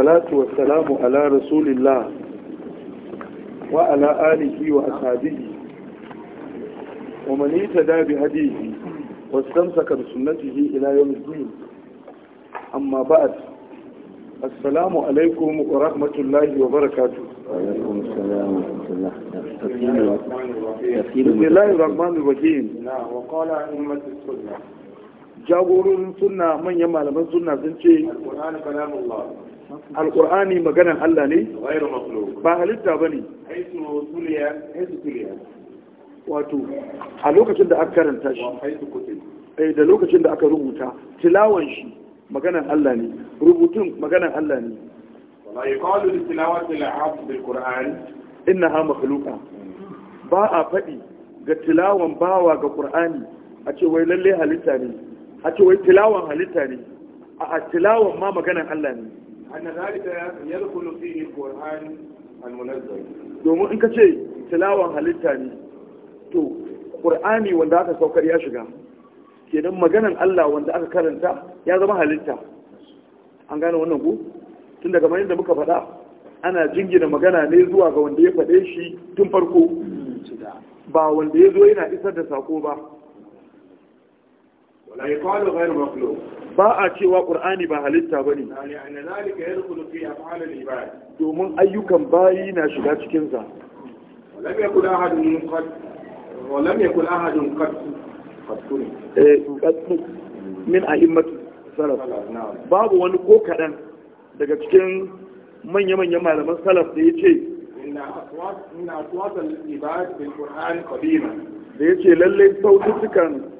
salatu wa salamu ala rasulillah wa ala alihi wa ashabihi wa man yata bi hadihi wa samsaka bi sunnatihi ila yawmiddin amma ba'd assalamu alaikum wa rahmatullahi wa barakatuh wa alaikum assalam wa rahmatullahi wa barakatuh jagorin sunna manyan malaman sunna sun ce Alƙur'ani maganan Allah ne ba halitta ba ne. wato a lokacin da aka karanta shi eh, da lokacin da aka rubuta tilawan shi maganan Allah ne rubutun maganan Allah ne wala yuqalu li tilawati al-hafz bil-qur'an innaha makhluqa ba a faɗi ga tilawan bawa ga ƙur'ani a ce wai lalle halitta ne a ce wai tilawan halitta ne a tilawan ma maganan Allah ne أن ذلك يدخل فيه القرآن المنزل domin in ka ce tilawan halitta ne to ƙur'ani wanda aka saukar ya shiga kenan maganan Allah wanda aka karanta ya zama halitta an gane wannan ku tun daga yadda muka faɗa ana jingina magana ne zuwa ga wanda ya faɗe shi tun farko ba wanda ya zo yana isar da sako ba ba a cewa ƙur'ani ba halitta ba ne domin ayyukan bayi na shiga cikin za eh, min a himmatu salaf babu wani ko kaɗan daga cikin manya-manya malaman salaf da ya ce ina suwatar ibad bin ƙur'ani da ya ce lallai sautukan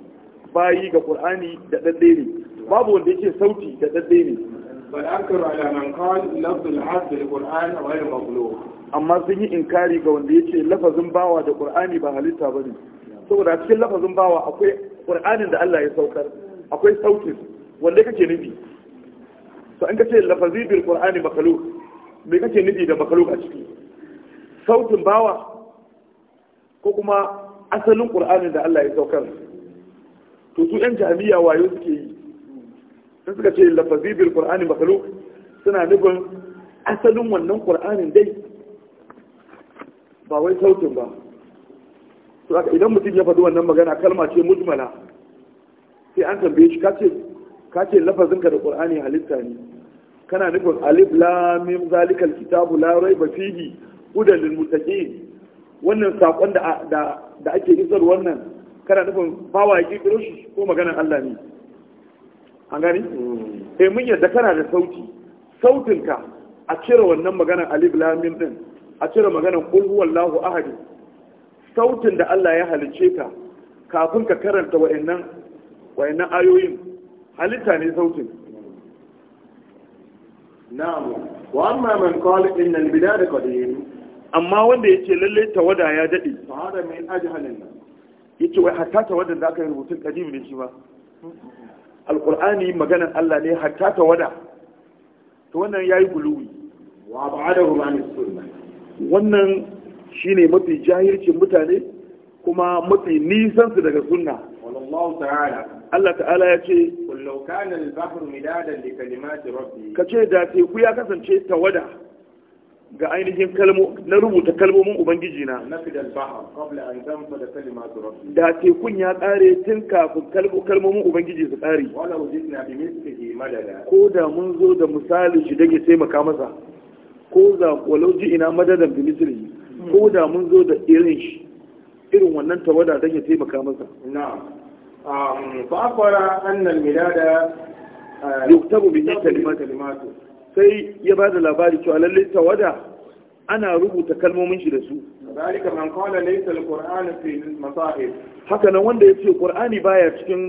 bayi ga qur'ani da dadde ne babu wanda yake sauti da dadde ne bal ankaru ala man qala lafzul hadd lil qur'an ghayr makhluq amma sun yi inkari ga wanda yake lafazin bawa da qur'ani ba halitta bane saboda cikin lafazin bawa akwai qur'anin da Allah ya saukar akwai sautin wanda kake nufi to an kace lafazi bil qur'ani makhluq me kake nufi da makhluq a ciki sautin bawa ko kuma asalin qur'anin da Allah ya saukar to su yan jami'a wayo suke yi sun suka ce lafazi bil qur'ani makhluq suna nufin asalin wannan qur'anin dai ba wai sautin ba to haka idan mutum ya faɗi wannan magana kalma ce mujmala sai an tambaye shi kace kace ka da qur'ani halitta ne kana nufin alif lam mim zalikal kitabu la raiba fihi udalil wannan sakon da da ake isar wannan kana nufin bawa ya kirkiro shi ko maganan Allah ne an gani hmm. eh mun yadda kana da sauti sautinka a cire wannan maganar alif lam din a cire maganar qul huwallahu ahad sautin da Allah ya halice ka kafin ka karanta wa'annan ayoyin halitta ne sautin na'am wa amma man qala inna al-bidada qadim amma wanda yace lalle tawada ya dade fa hada min ajhalin yace wai hatta ta wadda aka yi rubutun kadim ne shi ma alqur'ani maganan Allah ne hatta ta wada to wannan yayi guluwi wa ba'adahu an sunna wannan shine mafi jahilcin mutane kuma mafi nisan su daga sunna wallahu ta'ala Allah ta'ala ya ce wallau kana al-bahru midadan li kalimati rabbi kace da teku ya kasance ta wada. ga ainihin kalmo na rubuta kalmomin ubangiji na da tekun ya tsare tun kafin kalmomin ubangiji su tsare ko da mun zo da misali shi dage taimaka masa ko da walau ji ina madadan bi misali ko da mun zo da irin shi irin wannan tawada don ya taimaka masa na fa'afara annal milada yuktabu bi kalimatu sai ya ba da labari cewa lallai tawada ana rubuta kalmomin shi da su zalika man qala laysa alquran fi masahib haka nan wanda yace qur'ani baya cikin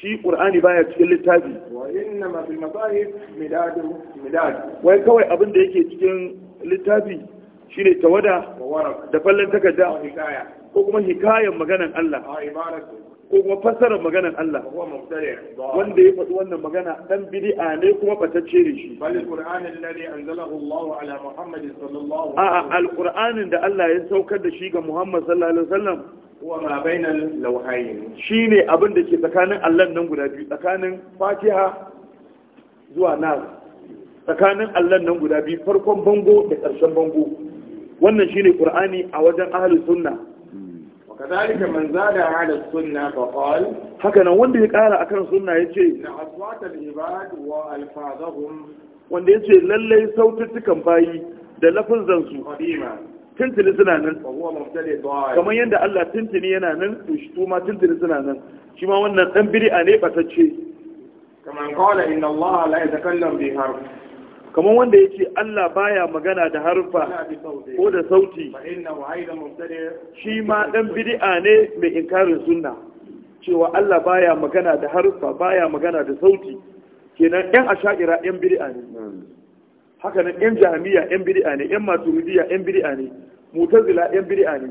shi qur'ani baya cikin littafi wa inna ma fi masahib midad midad wai kawai abin da yake cikin littafi shine tawada da fallan takarda ko kuma hikayan maganan Allah a ibaratu kuma fassarar maganar Allah wanda ya faɗi wannan magana dan bid'a ne kuma batacce cire shi a'a alqur'anin da Allah ya saukar da shi ga Muhammad sallallahu alaihi wasallam ma bainal lawhayn shine abin da ke tsakanin Allah nan guda biyu tsakanin Fatiha zuwa Nas tsakanin Allah nan guda biyu farkon bango da ƙarshen bango wannan shine Qur'ani a wajen ahlus sunna kadhalika man zada ala sunna fa qala haka nan wanda ya kara akan sunna yace na aswata al ibad wa alfazahum wanda yace lalle saututtukan bayi da lafazan su tuntuni suna nan kamar yadda Allah tuntuni yana nan to shi ma tuntuni suna nan shi ma wannan dan bid'a ne batacce kamar qala inna Allah la kamar wanda ya ce Allah baya magana da harfa ko da sauti shi ma ɗan bidi'a ne mai inkarin sunna cewa Allah baya magana da harfa baya magana da sauti kenan ɗan asha'ira ɗan bidi'a ne haka nan ɗan jami'a ɗan bidi'a ne ɗan maturidiya ɗan bidi'a ne mutazila ɗan bidi'a ne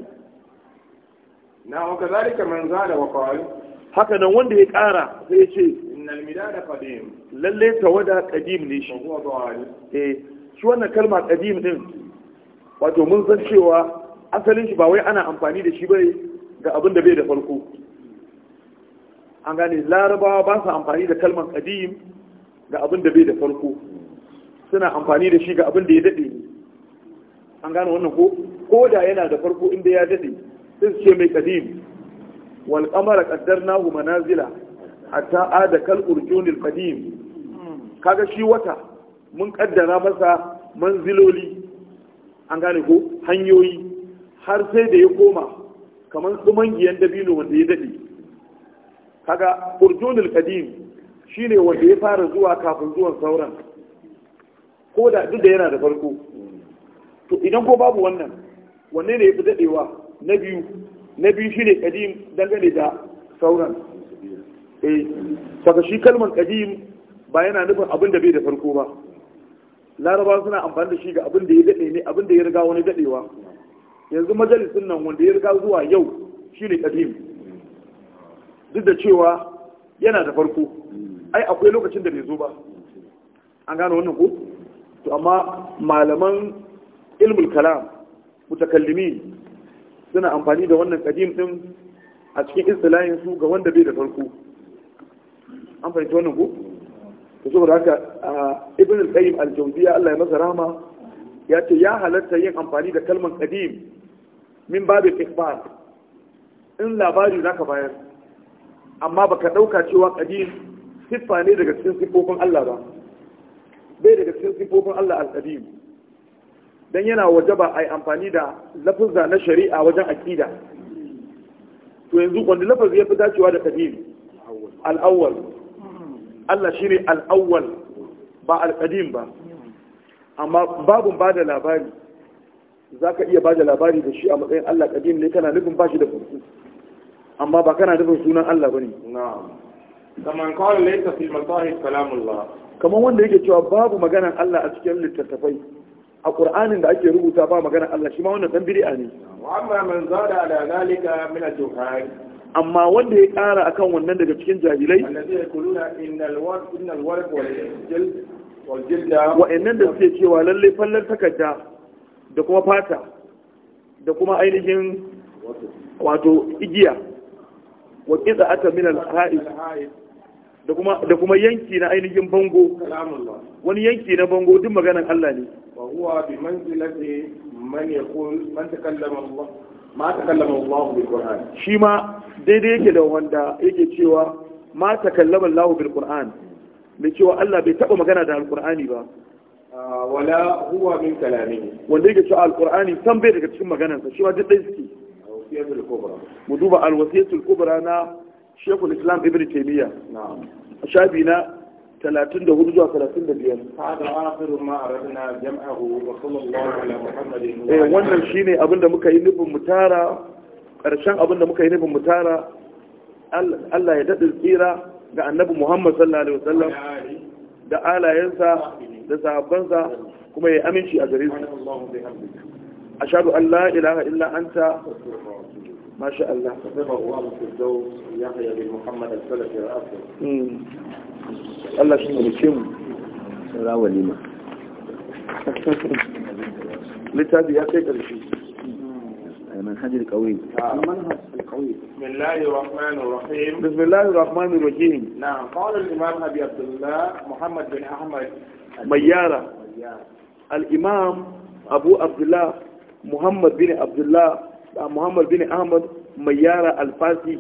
na wa manzala wa haka nan wanda ya ƙara sai ya ce innal qadim lalle tawada qadim ne shi eh shi wannan kalma qadim din wato mun san cewa asalin shi ba wai ana amfani da shi bai ga abin da bai da farko an gane larabawa ba su amfani da kalman qadim ga abin da bai da farko suna amfani da shi ga abin da ya dade an gane wannan ko ko da yana da farko inda ya dade sai su ce mai qadim wal qamara qaddarnahu manazila hatta ada kal urjunil qadim kaga shi wata mun kaddara masa manziloli an gane ko hanyoyi har sai da ya koma kamar giyan dabino wanda ya dade kaga urjunil qadim shine wanda ya fara zuwa kafin zuwan sauran ko da duk da yana da farko to idan ko babu wannan wanne ne ya fi dadewa na biyu na biyu shine qadim dangane da sauran eh saka shi kalmar kadim ba yana nufin abin da bai da farko ba laraba suna amfani da shi ga abin da ya dade ne abin da ya riga wani dadewa yanzu majalisun nan wanda ya riga zuwa yau shine kadim duk da cewa yana da farko ai akwai lokacin da bai zo ba an gano wannan ko to amma malaman ilmul kalam mutakallimi suna amfani da wannan kadim din a cikin istilahin su ga wanda bai da farko an fahimci wannan ko to saboda haka ibn al-qayyim al-jawziya Allah ya masa rahama ya ce ya halatta yin amfani da kalmar qadim min babu ikhbar in labari zaka bayar amma baka dauka cewa qadim siffa ne daga cikin siffofin Allah ba bai daga cikin siffofin Allah al-qadim dan yana wajaba ai amfani da lafuzza na shari'a wajen aqida to yanzu wanda lafazi ya fi dacewa da qadim al-awwal Allah shi ne al'awwal, ba al ba amma babun ba da labari za ka iya ba da labari da shi a matsayin Allah kadim ne kana nufin ba shi da kurku amma ba kana nufin sunan Allah ba ne. Kamar kawai laisa fi masahib kalamullah kaman wanda yake cewa babu maganan Allah a cikin littattafai a Qur'anin da ake rubuta ba maganan Allah shi ma wannan dan bid'a ne wa amma man zada ala zalika min al-juhal amma wanda ya ƙara akan wannan daga cikin jahilai wa'annan da suke cewa lallai fallon takarda da kuma fata da kuma ainihin wato igiya wa kitsa aka min al-ha'id da kuma da kuma yanki na ainihin bango wani yanki na bango duk maganan Allah ne wa huwa bi manzilati man yaqul man takallama Allah ma ta kallama Allah bil Qur'an shi ma daidai yake da wanda yake cewa ma ta kallama Allah bil Qur'an mai cewa Allah bai taba magana da Al-Qur'ani ba ah, wala huwa min kalamihi wanda yake cewa Al-Qur'ani san bai daga cikin maganarsa shi ma duk dai suke al-kubra. mu duba al-wasiyatul kubra na Sheikhul Islam Ibn Taymiyyah na'am shafi na talatin da hudu zuwa talatin da biyar. wannan shi shine abinda muka yi nufin mutara. tara ƙarshen abinda muka yi nufin mutara. Allah ya daɗin tsira ga annabi Muhammad sallallahu alaihi wasallam da alayensa da sahabbansa kuma ya aminci a gare su. Ashhadu an la ilaha illa anta ما شاء الله صفه في الزوج يحيى بن محمد السلفي قال الله شنو شنو لا وليمة لتابي يا شيخ الشيء المنهج القوي المنهج آه، القوي بسم الله الرحمن الرحيم بسم الله الرحمن الرحيم نعم قال الإمام أبي عبد الله محمد بن أحمد ميارة الإمام أبو عبد الله محمد بن عبد الله muhammad bin ahmad mai yara alfasi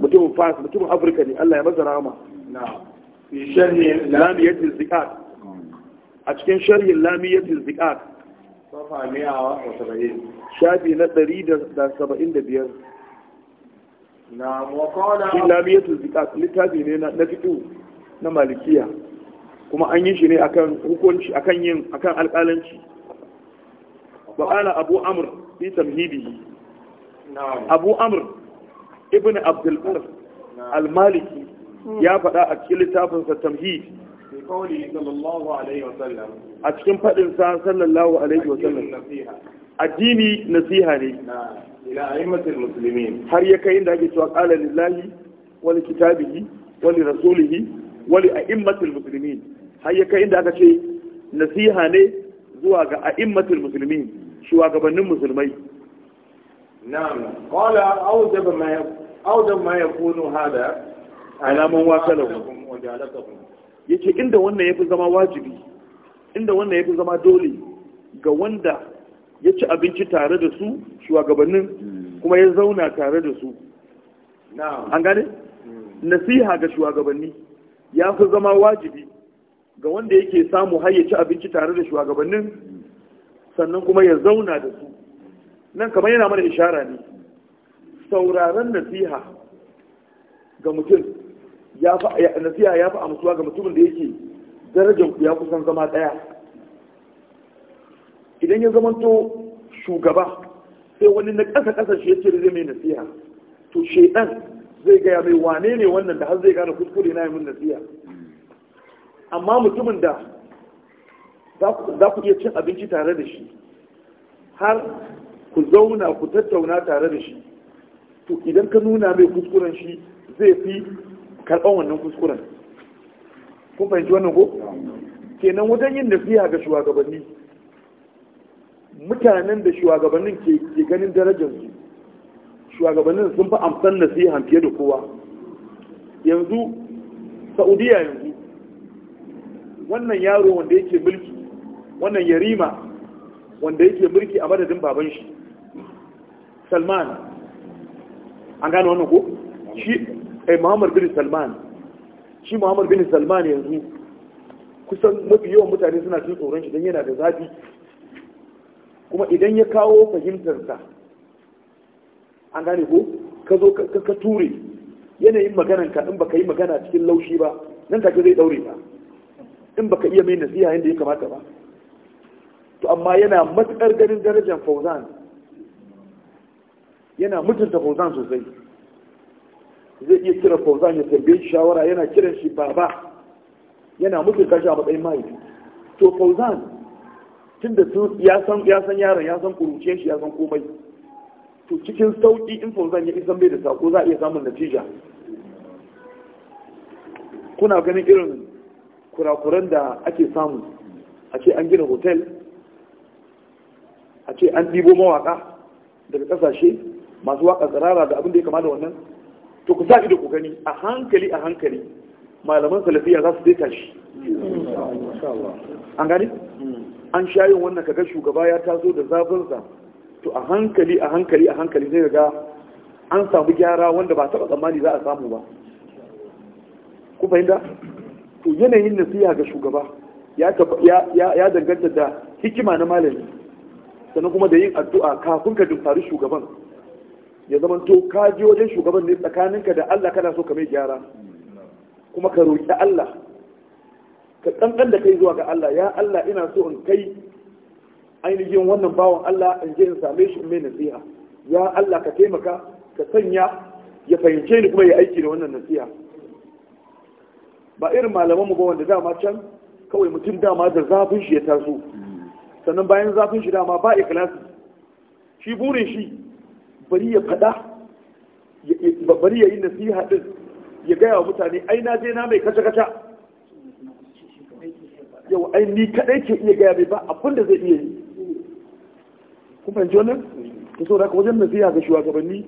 mutumin fas mutumin afirka ne allah ya maza rama lamiyatin zikat a cikin sharhin lamiyatin zikat shafi na 175 na wakona shi lamiyatin zikat littafi ne na fito na malikiya kuma an yi shi ne akan hukunci akan yin akan alƙalanci wa qala abu amr fi tamhidihi ibn abdul al-maliki hmm. ya faɗa a cikin littafinsa tamhid a cikin faɗin sa sallallahu alaihi wa sallam addini nasiha ne har ya kai inda ake cewa qala lillahi wa li kitabihi wa li rasulihi wa li har ya kai inda aka ce nasiha ne zuwa ga a'immatil muslimin shugabannin musulmai na'am qala awjaba ma awjaba ma yakunu hada alaman wasalahu yace inda wannan yafi zama wajibi inda wannan yafi zama dole ga wanda ya ci abinci tare da su shugabannin hmm. kuma ya zauna tare da su an gane hmm. nasiha ga shugabanni ya fi zama wajibi ga wanda yake samu har ya ci abinci tare da shugabannin sannan kuma ya zauna da su nan kamar yana mana ishara ne sauraron nasiha ga mutum nasiha ya fi amsuwa ga mutumin da yake darajar ya kusan zama daya idan ya zamanto shugaba sai wani na ƙasa ƙasa shi yake da zai mai nasiha to shaidan zai gaya mai wane ne wannan da har zai gane kuskure na yi min nasiha amma mutumin da za ku iya cin abinci tare da shi har ku zauna ku tattauna tare da shi to idan ka nuna mai kuskuren shi zai fi karɓar wannan kuskuren kun fahimci wannan ko kenan wajen yin nasiha ga shugabanni mutanen da shugabannin ke ganin darajar su shugabannin sun fi amsan nasiha fiye da kowa yanzu saudiya yanzu wannan yaro wanda yake mulki wannan yarima wanda yake mulki a madadin baban shi salman an gane wannan ko shi ai eh, muhammad bin salman shi muhammad bin salman yanzu kusan mafi yawan mutane suna cin tsoron shi don yana da zafi kuma idan ya kawo fahimtarsa an gane ko ka zo ka ture yanayin maganan ka in baka yi magana cikin laushi ba nan take zai daure ka in baka iya mai nasiha yadda ya kamata ba to amma yana matuƙar ganin darajar fauzan yana mutunta fauzan sosai zai iya kira fauzan ya tambaye shi shawara yana kiran shi baba yana mutunta shi a matsayin mai to fauzan tun da ya san yaron ya san kuruce shi ya san komai to cikin sauƙi in fauzan ya isan bai da sako za a iya samun natija kuna ganin irin kurakuran da ake samu a ce an gina hotel a ce an ɗibo mawaƙa daga ƙasashe masu waƙa tsirara da abin da ya kama da wannan to ku sa ido ku gani a hankali a hankali malaman salafiya za su daita shi an gani an sha yin wannan kaga shugaba ya taso da zafinsa to a hankali a hankali a hankali zai ga an samu gyara wanda ba taɓa tsammani za a samu ba ku fahimta to yanayin nasiha ga shugaba ya danganta da hikima na malami sannan kuma da yin addu'a kafin ka dumfari shugaban ya zama to ka je wajen shugaban ne tsakaninka da Allah kana so ka mai gyara kuma ka roƙi Allah ka kankan da kai zuwa ga Allah ya Allah ina so in kai ainihin wannan bawan Allah in je in same shi in mai nasiha ya Allah ka taimaka ka sanya ya fahimce ni kuma ya aiki da wannan nasiha ba irin malaman mu ba wanda dama can kawai mutum dama da zafin shi ya taso sannan bayan zafin shi dama ba ikilasi shi burin shi bari ya fada bari ya yi nasiha din ya gaya wa mutane ai na je na mai kaca kaca yau ai ni kadai ke iya gaya mai ba abin da zai iya yi kun fahimci wannan ta so da wajen nasiha ga shugabanni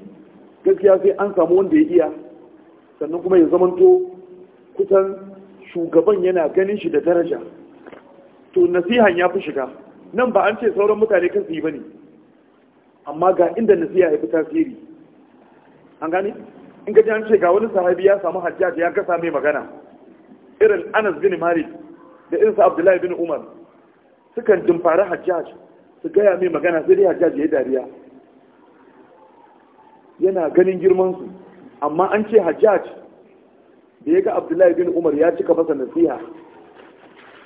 gaskiya sai an samu wanda ya iya sannan kuma ya zamanto kusan shugaban yana ganin shi da daraja to nasihan ya fi shiga nan ba an ce sauran mutane kan su yi ne, amma ga inda nasiha ya fi tasiri an gani in gaji an ce ga wani sahabi ya samu hajjaj ya kasa mai magana irin Anas bin Malik da irinsa Abdullahi bin Umar sukan dimfari hajjaj su gaya mai magana sai dai hajjaj ya yi dariya yana ganin girmansu amma an ce hajjaj da ya ga abdullahi bin umar ya cika masa nasiha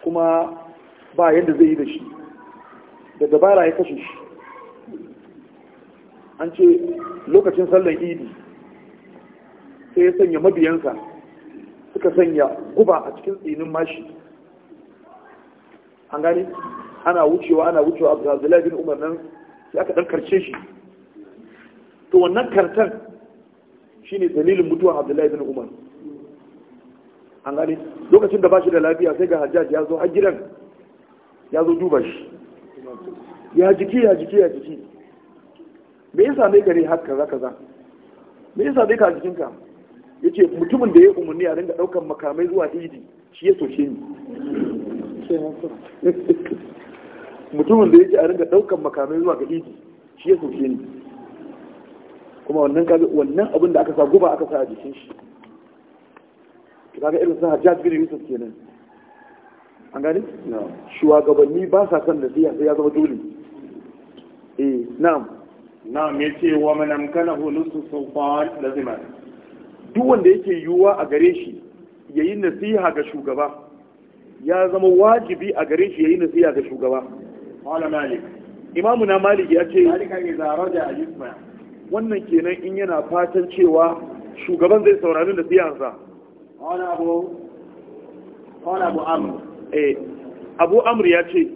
kuma ba yadda zai yi da shi da dabara ya kashe shi an ce lokacin sallar idi sai ya sanya mabiyansa suka sanya guba a cikin tsinin mashi an gani ana wucewa ana wucewa abu zazilai bin umar nan sai aka dan karce shi to wannan kartar shine dalilin mutuwa abdullahi bin umar an gani lokacin da ba shi da lafiya sai ga hajjaj ya zo har gidan ya zo duba shi ya jiki ya jiki ya jiki me yasa mai gare za ka kaza me yasa dai ka jikinka yace mutumin da ya umarni a dinga daukan makamai zuwa idi shi ya soke ni mutumin da yake a dinga daukan makamai zuwa ga idi shi ya soke ni kuma wannan kaga wannan abin da aka sa guba aka sa a jikin shi kaga irin sa Hajjaj bin Yusuf kenan an gani shugabanni ba sa son nasiha sai ya zama dole eh na'am na'am ce wa man amkana hulusu sultan lazima duk wanda yake yiwuwa a gare shi yi nasiha ga shugaba ya zama wajibi a gare shi yi nasiha ga shugaba wala malik imamu na malik ya ce malika wannan kenan in yana fatan cewa shugaban zai saurari nasihansa qala abu abu amr Eh, abu amr ya ce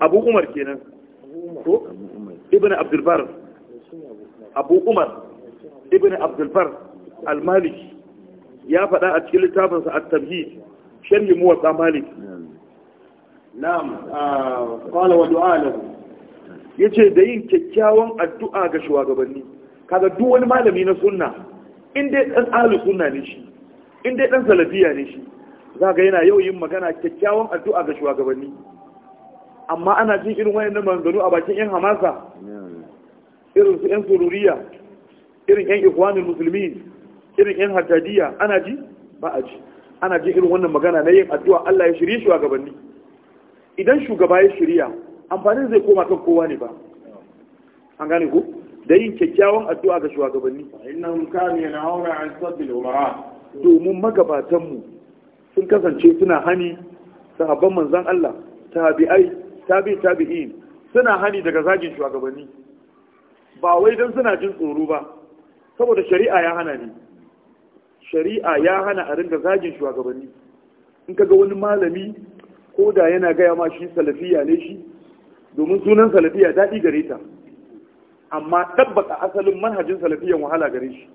abu umar kenan ko ibn Abdulbar, abu umar ibn abdulbar al malik ya faɗa a cikin littafinsa at-tabhid mu muwatta malik na'am ah, qala wa du'a lahum yace da yin kyakkyawan addu'a ga shugabanni kaga duk wani malami na sunna inda dai dan ahlus sunna ne shi in dai dan salafiya ne shi za ga yana yau yin magana kyakkyawan addu'a ga shugabanni amma ana jin irin wayannan maganganu a bakin yan hamasa irin su yan sururiya irin yan ikwanin musulmi irin yan hajjadiya ana ji ba a ji ana jin irin wannan magana na yin addu'a Allah ya shirye shugabanni idan shugaba ya shirya amfanin zai koma kan kowa ne ba an gane ku da yin kyakkyawan addu'a ga shugabanni innahum kanu an sabbil umara domin magabatanmu sun kasance suna hani sahabban manzan Allah tabi'ai tabi tabi'in suna hani daga zagin shugabanni ba wai don suna jin tsoro ba saboda shari'a ya hana ne shari'a ya hana a ringa zagin shugabanni in kaga wani malami ko da yana gaya ma shi salafiya ne shi domin sunan salafiya daɗi gare ta amma tabbata asalin manhajin salafiyan wahala gare shi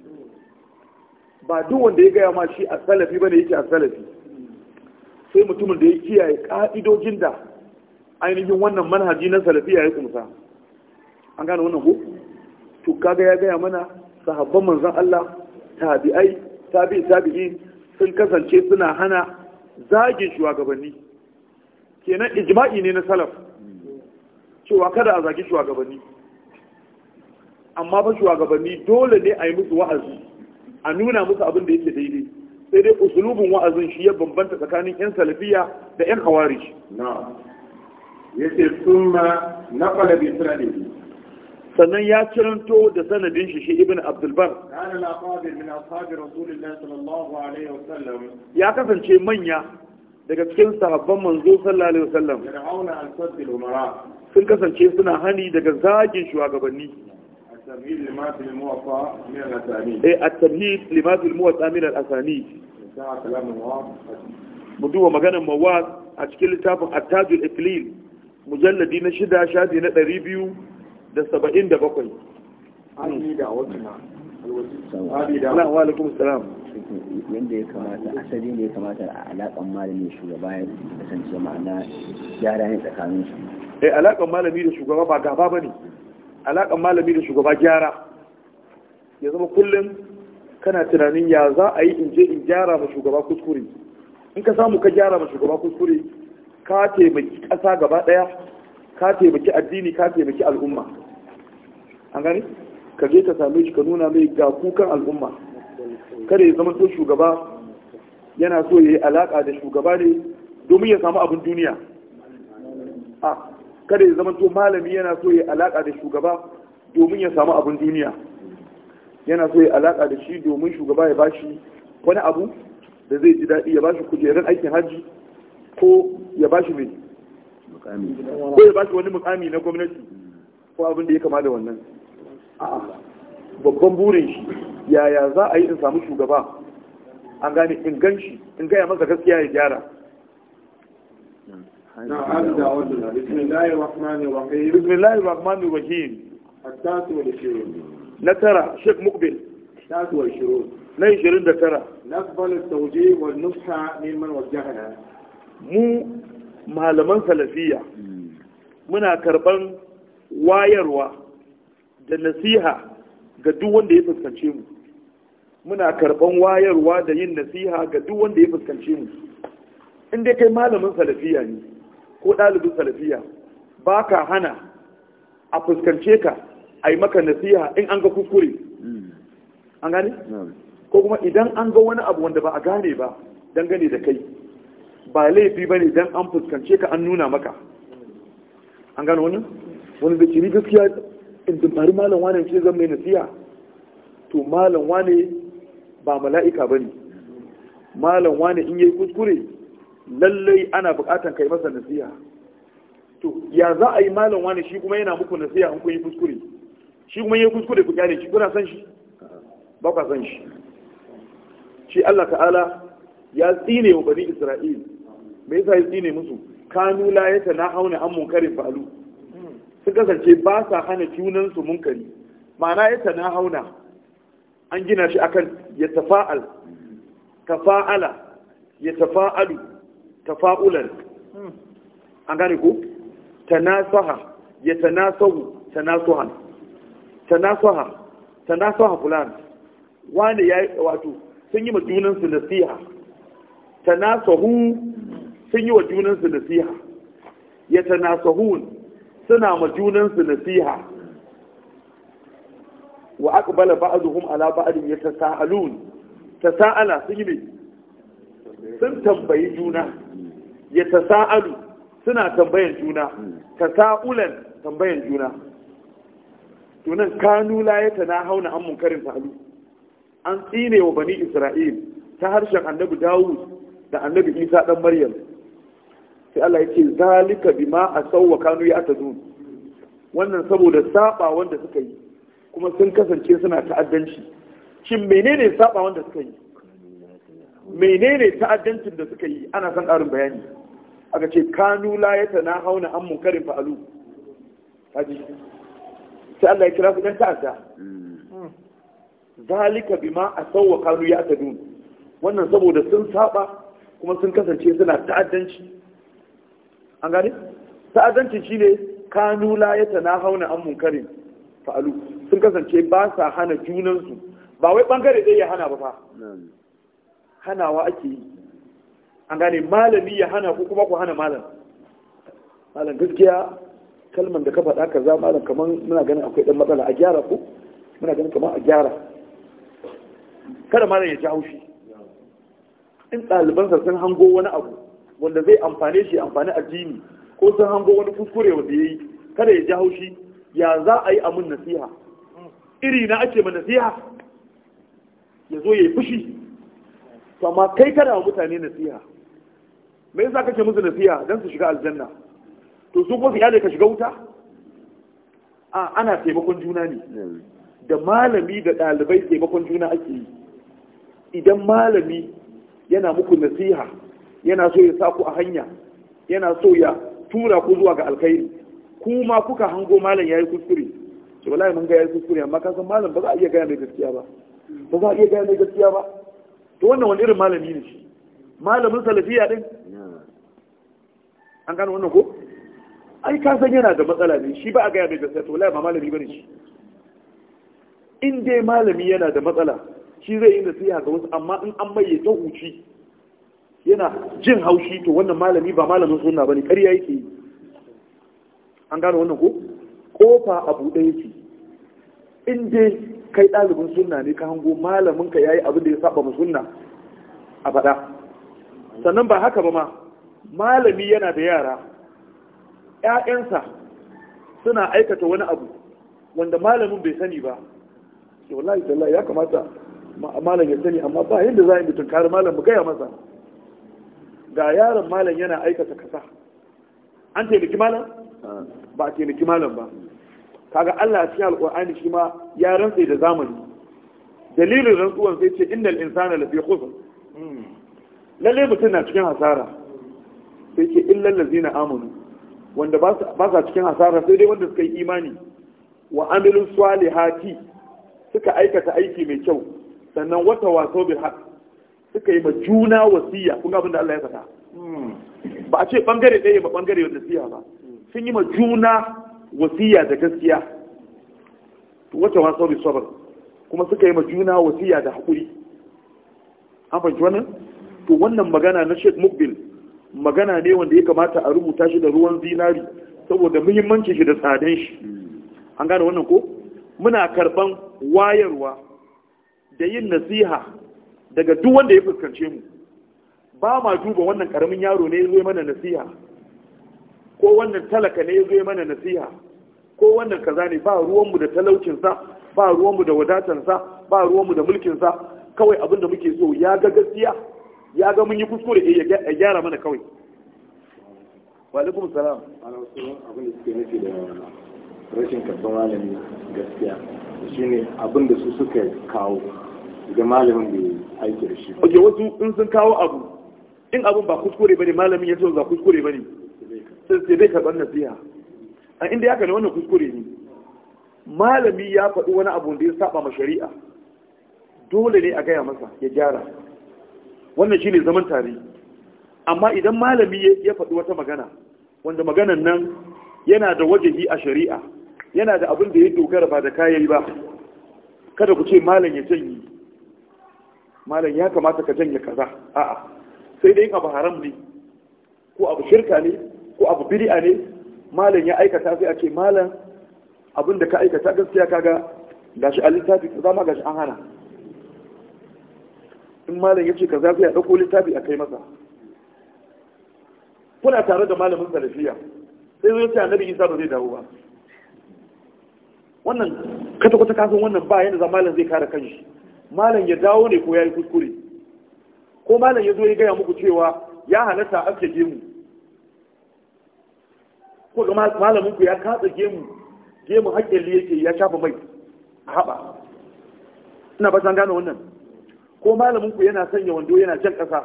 ba duk wanda ya gaya ma shi a salafi bane yake a salafi sai mutumin da ya kiyaye ka'idojin da ainihin wannan manhaji na salafi ya yi kumsa an gane wannan ko to kaga ya gaya mana sahabban manzon Allah tabi'ai tabi'i tabi'i sun kasance suna hana zagin shugabanni kenan ijma'i ne na salaf cewa kada a zage shugabanni amma ba shugabanni dole ne a yi musu wa'azi a nuna musu abin da yake daidai sai dai usulubin wa'azin shi ya bambanta tsakanin yan salafiya da yan khawarij na sannan ya ciranto da sanadin shi shi ibn abdulbar ya kasance manya daga cikin sahabban manzo sallallahu alaihi wasallam sun kasance suna hani daga zagin shugabanni التمهيد لما في الموطأ من الأسانيد إيه التمهيد لما في الموطأ من الأسانيد انتهى كلام مواض مدوه مجانا مواد أشكال التابع التاج الإقليل مجلد نشدة شادي نتريبيو ده سبعين ده بقل هذه دعوتنا Assalamu alaikum salam. Yanda ya kamata, asali ne ya kamata a alaƙan malami da shugaba ya kasance ma'ana gyara ne tsakanin su. Eh alaƙan malami da shugaba ba gaba ba ne. alaƙar malami da shugaba gyara ya zama kullum kana tunanin ya za a yi in je in gyara ma shugaba kuskure in ka samu ka gyara ma shugaba kuskure ka taimaki ƙasa gaba ɗaya ka taimaki addini ka taimaki al'umma an gani ka je ka same shi ka nuna mai ga kukan al'umma kada ya zama so shugaba yana so ya yi alaƙa da shugaba ne domin ya samu abin duniya ah, kada ya zama to malami yana so ya alaka da shugaba domin ya samu abin duniya yana so ya alaka da shi domin shugaba ya bashi wani abu da zai ji daɗi ya bashi kujerar aikin hajji ko ya bashi mai ko ya bashi wani mukami na gwamnati ko abin da ya kama da wannan babban burin shi yaya za a yi in samu shugaba an gane in ganshi in gaya masa gaskiya ya gyara بسم الله الرحمن الرحيم نترى شيخ مقبل na 29 naqbal mu malaman salafiya muna karban wayarwa da nasiha ga duk wanda ya fuskance mu muna karban wayarwa da yin nasiha ga duk wanda ya fuskance mu in dai kai malamin salafiya ne ko ɗalibin salafiya ba ka hana a fuskance ka a yi maka nasiha in an ga kuskure hmm. an gane? Hmm. ko kuma idan an ga wani abu wanda ba a gane ba dangane da kai ba laifi ba ne don an fuskance ka an nuna maka an gane wani? wani da kiri gaskiya in dubbari malam wane ce zan mai nasiha to malam wane ba mala'ika ba ne malam wane in yi kuskure lallai ana bukatan kai masa nasiha to ya za a yi malam wani shi kuma yana muku nasiha in kun yi kuskure shi kuma yi kuskure ku kyale shi kuna san shi ba ka san shi shi Allah ta'ala ya tsine wa bani Isra'il me yasa ya tsine musu kanu la hauna an munkarin fa'alu sun kasance ba sa hana junan su munkari ma'ana na hauna. an gina shi akan tafa'al tafa'ala tafa'alu tafa'ular an gane ko tanasaha ya tanasahu tanasuhan tanasaha tanasaha fulan wani ya wato sun yi ma junansu nasiha tanasahu sun yi wa junansu siya. ya tanasahun suna ma junansu siya. wa aqbala ba'dhum ala ba'd yatasaalun tasa'ala sun yi sun tambayi juna ya sa'adu suna tambayan juna Ta sa'ulan tambayan juna tunan kanu layata na hau na an munkarin fa'alu an tsine wa bani isra'il ta harshen annabi dawud da annabi isa ɗan maryam sai Allah ce zalika bima sauwa kanu ya zuwa wannan saboda saba wanda suka yi kuma sun kasance suna ta'addanci shin menene saba wanda suka yi menene ta'addancin da suka yi ana son ƙarin bayani aka ce kanu la ya tana hauna an munkarin fa'alu haji sai Allah ya kira su dan ta'adda zalika bima asawwa kanu ya dun wannan saboda sun saba kuma sun kasance suna ta'addanci an gane ta'addanci shine kanu la ya tana hauna an munkarin fa'alu sun kasance ba sa hana junansu ba wai bangare ɗaya ya hana ba fa hanawa ake yi an gane malami ya hana ko kuma ku hana malam malam gaskiya kalman da ka faɗa za malam kamar muna ganin akwai ɗan matsala a gyara ku muna ganin kamar a gyara kada malam ya ji haushi in ɗalibansa sun hango wani abu wanda zai amfane shi amfani addini ko sun hango wani kuskure wanda ya yi kada ya ji haushi ya za a yi amin nasiha iri na ake ma nasiha ya zo ya yi fushi to amma kai kada wa mutane nasiha me yasa kake musu nasiha dan su shiga aljanna to su ko su yaje ka shiga wuta a ana taimakon juna ne da malami da ɗalibai taimakon juna ake yi idan malami yana muku nasiha yana so ya sa a hanya yana so ya tura ku zuwa ga alkhairi kuma kuka hango malam yayi kuskure to wallahi mun ga yayi kuskure amma ka malam ba za a iya gaya mai gaskiya ba ba za a iya gaya mai gaskiya ba to wannan wani irin malami ne shi malamin salafiya din an gano wannan ko ai ka san yana da matsala ne shi ba a gaya mai gaskiya to wallahi ba malami bane shi in dai malami yana da matsala shi zai yi nasiha ga wasu amma in an mai ta huci yana jin haushi to wannan malami ba malamin sunna bane ƙarya yake yi an gano wannan ko kofa a buɗe yake in dai kai ɗalibin sunna ne ka hango malaminka ya yi abin da ya saba mu sunna a faɗa sannan ba haka ba ma malami yana da yara ‘ya'yansa suna aikata wani abu wanda malamin bai sani ba wallahi tallahi ya kamata malam ya sani amma ba yadda za a yi mutum kare malam mu gaya masa ga yaron malam yana aikata kasa an taimaki malam ba a taimaki malam ba kaga Allah cikin alqur'ani shi ma ya rantsa da zamani dalilin rantsuwan sai ce innal insana lafi khusr hmm. lalle mutum na cikin hasara sai ce illal ladina amanu wanda ba sa cikin hasara sai dai wanda suka yi imani wa amilu salihati suka aikata aiki mai kyau sannan wata waso bil haq suka yi ma juna wasiya kun abin da Allah ya faɗa hmm. ba a ce bangare ɗaya ba bangare wasiya ba sun yi ma juna wasiya da gaskiya wata ma sauri sabar kuma suka yi ma juna wasiya da hakuri. an fahimci wannan to wannan magana na Sheikh Mukbil magana ne wanda ya kamata a rubuta shi da ruwan zinari saboda muhimmancin shi da tsadan shi an gane wannan ko muna karban wayarwa da yin nasiha daga duk wanda ya fuskance mu ba ma duba wannan karamin yaro ne ya zo mana nasiha ko wannan talaka ne ya zo mana nasiha ko wannan kaza ne ba ruwanmu da talaucinsa ba ruwanmu da wadatansa ba ruwanmu da mulkinsa kawai abinda muke so ya ga gaskiya ya ga mun yi kuskure eh, ya gyara mana kawai wa alaikum salam ana wasu abin da suke nufi da rashin karɓar malami gaskiya shine abin da su suka kawo da malamin da aiki da shi. Oke wasu in sun kawo abu in abin ba kuskure bane malamin ya ce ba kuskure bane sai bai karɓar nasiha a inda ya kane wannan kuskure ne malami ya faɗi wani abu da ya saba ma shari'a dole ne a gaya masa ya gyara wannan shi ne zaman tare amma idan malami ya faɗi wata magana wanda maganan nan yana da wajahi a shari'a yana da abin da ya dogara ba da kayayi ba kada ku ce malam ya janye malam ya kamata ka janye kaza a'a sai dai abu haram ne ko abu shirka ne ko abu biri'a ne malam ya aikata sai a ce malam abin da ka aikata gaskiya kaga gashi a littafi za ma gashi an hana in malam ya ce ka zafi a ɗauko littafi a kai masa kuna tare da malamin salafiya sai zai ce annabi isa ba zai dawo ba wannan kata kwata kasan wannan ba yadda malam zai kare kanshi malam ya dawo ne ko ya yi kuskure ko malam ya zo ya gaya muku cewa ya halatta aske gemu ko ga malamin ku ya katsa gemu gemu hakkeli yake ya shafa mai a haɓa ina ba san gane wannan ko malamin ku yana sanya wando yana jan ƙasa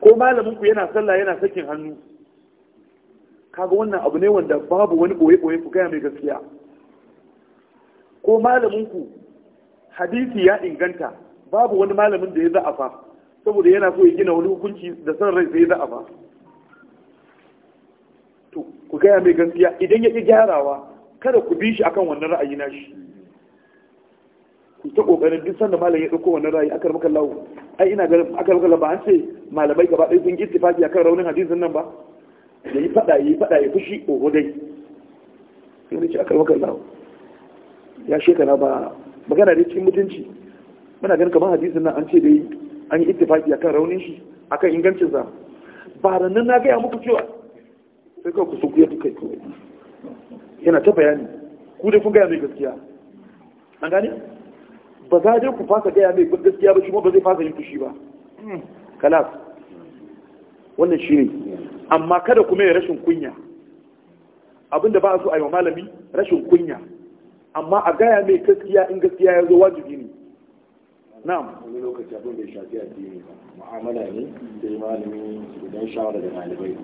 ko malamin ku yana sallah yana sakin hannu kaga wannan abu ne wanda babu wani ɓoye-ɓoye ku gaya mai gaskiya ko malamin ku hadisi ya inganta babu wani malamin da ya za'afa saboda yana so ya gina wani hukunci da son rai sai ya za'afa to ku gaya mai gaskiya idan ya ƙi gyarawa kada ku bi shi akan wannan ra'ayi na shi ku ta ƙoƙarin duk sanda malam ya ɗauko wannan ra'ayi akar maka lawo ai ina ganin akar maka lawo ba an ce malamai gaba ɗaya sun yi ittifaki akan raunin hadisin nan ba ya yi faɗa ya yi faɗa ya fushi oho dai sai ne ce akar maka lawo ya shekara ba magana dai cikin mutunci muna ganin kamar hadisin nan an ce dai an yi ittifaki akan raunin shi akan ingancinsa ba nan na gaya muku cewa sai kawai ku sunkuya duka kawai yana ta bayani ku dai kun gaya mai gaskiya an gane ba za dai ku fasa gaya mai gaskiya ba shi ba zai fasa yin fushi ba hmm. kalas wannan shi ne amma kada kuma ya rashin kunya abinda ba a so a yi wa malami rashin kunya amma a gaya mai gaskiya in gaskiya ya zo wajibi ne na'am wani lokaci abin bai shafi addini ba mu'amala ne sai malami idan shawara da ɗalibai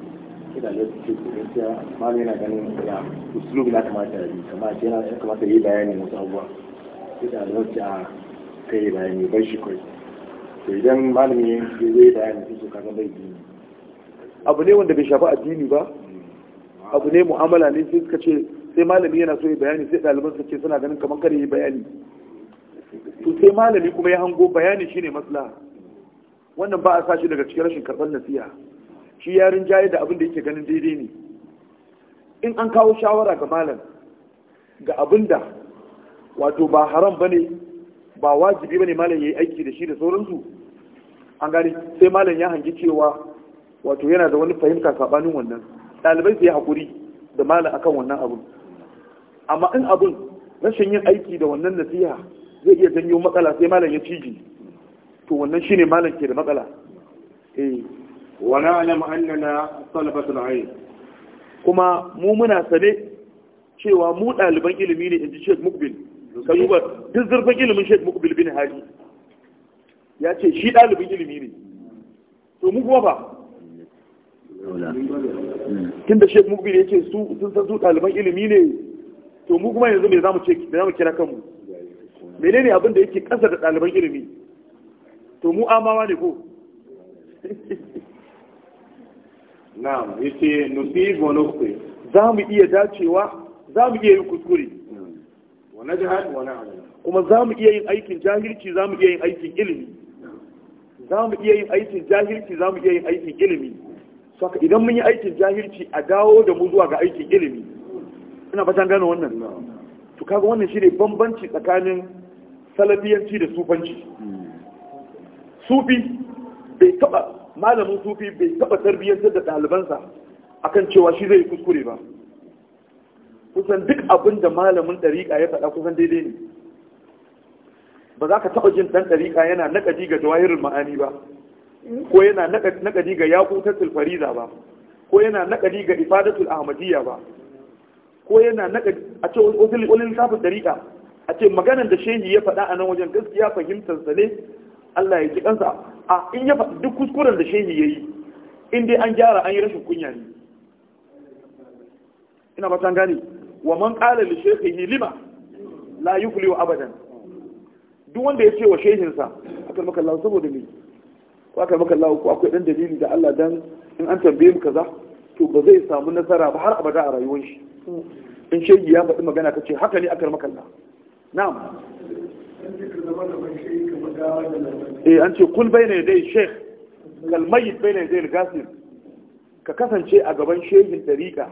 kina da cikin ce gaskiya malam yana ganin ya usulubi na kamata ya bi kamar ce yana kamata ya yi bayanin wasu abubuwa sai da alwarci a kai bayani bai shi kai to idan malami ya zai bayani sun su kaga bai dini abu ne wanda bai shafi addini ba abu ne mu'amala ne sai suka ce sai malami yana so ya bayani sai ɗaliban suka ce suna ganin kamar kare ya bayani to sai malami kuma ya hango bayani shine maslaha wannan ba a sa shi daga cikin rashin karɓar nasiha shi ya rinjaye da abin da yake ganin daidai ne in an kawo shawara ga malam ga abin da wato ba haram bane ba wajibi bane malam yayi aiki da shi da sauransu an gani sai malam ya hangi cewa wato yana da wani fahimta sabanin wannan ɗalibai su yi haƙuri da malam akan wannan abin amma in abin rashin yin aiki da wannan nasiha zai iya janyo matsala sai malam ya ciji to wannan shine malam ke da matsala eh wa na'lam annana talabatul ilm kuma mu muna sane cewa mu ɗaliban ilimi ne inji Sheikh Mukbil ka duba duk zurfin ilimin Sheikh Mukbil bin Hadi ya ce shi dalibin ilimi ne to mu kuma ba tunda Sheikh Mukbil ya ce su sun san su ɗaliban ilimi ne to mu kuma yanzu me zamu ce me zamu kira kanmu menene abin da yake ƙasa da ɗaliban ilimi to mu amawa ne ko na'am yace nusib wa nukhti za mu iya dacewa za mu iya yin kuskure wa najhad wa na'lam kuma za mu iya yin aikin jahilci za mu iya yin aikin ilimi za mu iya yin aikin jahilci za mu iya yin aikin ilimi saka idan mun yi aikin jahilci a dawo da mu zuwa ga aikin ilimi ina fatan gano wannan to kaga wannan shine bambanci tsakanin salafiyanci da sufanci hmm. sufi bai taba malamin sufi bai taɓa tarbiyyantar da ɗalibansa akan cewa shi zai kuskure ba kusan duk abin da malamin ɗariƙa ya faɗa kusan daidai ne ba za ka taɓa jin ɗan ɗariƙa yana naƙadi ga jawahirin ma'ani ba ko yana naƙadi ga yaƙutar fariza ba ko yana naƙadi ga ifadatul ahmadiyya ba ko yana naƙadi a ce wani lissafin ɗariƙa a ce maganar da shehi ya faɗa a nan wajen gaskiya sa ne Allah ya ji kansa a in ya faɗi duk kuskuren da shehi yi, in dai an gyara an yi rashin kunya ne ina ba tan gani wa man qala li shehi lima la wa abadan duk wanda ya ce wa shehinsa akan maka Allah saboda me ko akan maka Allah ko akwai dan dalili da Allah dan in an tambaye mu kaza to ba zai samu nasara ba har abada a rayuwar shi in shehi ya faɗi magana kace haka ne akan maka Allah na'am eh an ce kul bayna shek? sheikh bai na bayna dai gasir ka kasance a gaban shehin dariƙa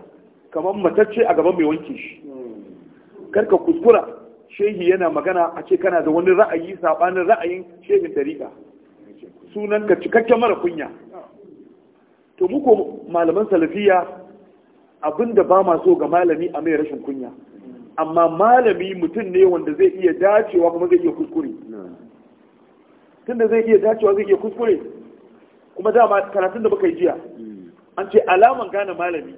kamar matacce a gaban mai wanke shi kar ka kuskura shehi yana magana a ce kana da wani ra'ayi sabanin ra'ayin shehin dariƙa sunan ka cikakken mara kunya to muku malaman salafiya abinda ba ma so ga malami a mai rashin kunya amma malami mutum ne wanda zai iya dacewa kuma zai iya kuskure tunda zai iya dacewa zai iya kuskure kuma dama karatun da muka yi jiya an ce alaman gane malami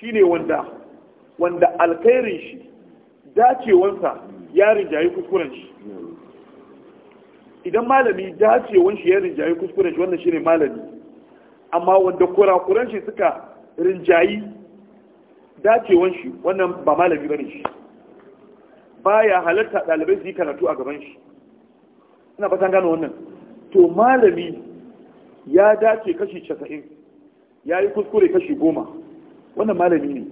shine wanda wanda alkhairin shi dacewansa ya rinjaye kuskuren shi idan malami dacewan shi ya rinjaye kuskuren shi wannan shine malami amma wanda kurakuran shi suka rinjayi dacewan shi wannan ba malami bane shi baya halarta ɗalibai su yi karatu a gaban shi ina fatan gano wannan to malami ya dace kashi 90 ya yi kuskure kashi 10 wannan malami ne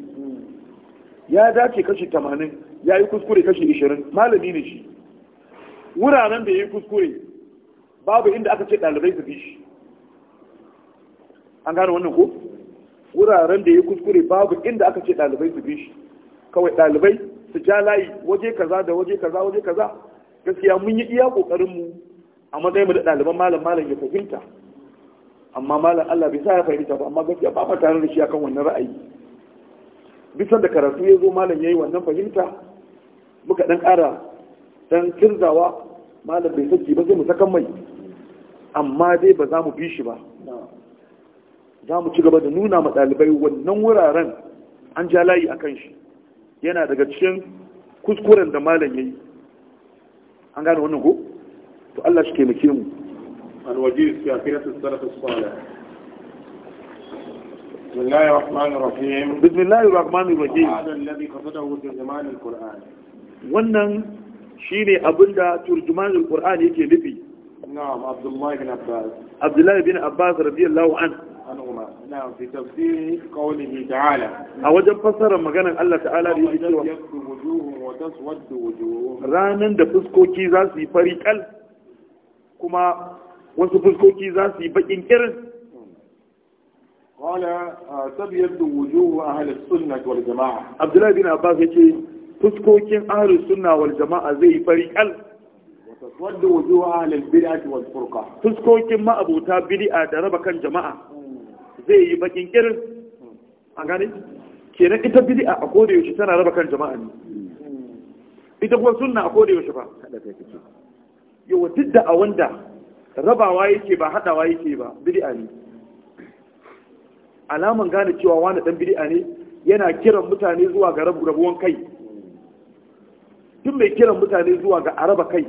ya dace kashi 80 ya yi kuskure kashi 20 malami ne shi wuraren da ya yi kuskure babu inda aka ce ɗalibai su bi shi an gano wannan ko wuraren da ya yi kuskure babu inda aka ce ɗalibai su bi shi kawai ɗalibai su ja layi waje kaza da waje kaza waje kaza gaskiya mun yi iya kokarin mu a matsayin mu da ɗaliban malam malam ya fahimta amma malam Allah bai sa ya fahimta ba amma gaskiya ba fa tare da shi akan wannan ra'ayi bisa da karatu ya zo malam yayi wannan fahimta muka dan ƙara dan kirzawa malam bai saki ba sai mu sakan mai amma dai ba za mu bi shi ba za mu ci gaba da nuna ma ɗalibai wannan wuraren an ja layi a kan shi yana daga cikin kuskuren da malam ya yi an gane wannan ko to Allah shi taimake mu an wajiri fi akiratus tsara salih بسم الله الرحمن الرحيم بسم الله الرحمن الرحيم هذا الذي قصده ترجمان wannan shine abinda turjuman alqur'ani yake nufi na'am abdullahi bin abbas abdullahi bin abbas radiyallahu anhu a wajen fassarar maganar Allah ta'ala da yake cewa ranan da fuskoki za su yi fari kal kuma wasu fuskoki za su yi bakin kirin قال تبيض وجوه أهل السنة والجماعة عبد الله بن عباس يجي فسكوكين أهل السنة والجماعة زي فريق ال وتسود وجوه أهل البدعة والفرقة فسكوكين ما أبو تابدي أدرب كان جماعة zai yi bakin kirin an gane kenan ita bidi a koda yaushe tana raba kan jama'a ne ita kuma sunna a koda yaushe ba yawa duk da a wanda rabawa yake ba hadawa yake ba bid'a ne alaman gane cewa wani dan bid'a ne yana kiran mutane zuwa ga rabuwan kai duk mai kiran mutane zuwa ga araba kai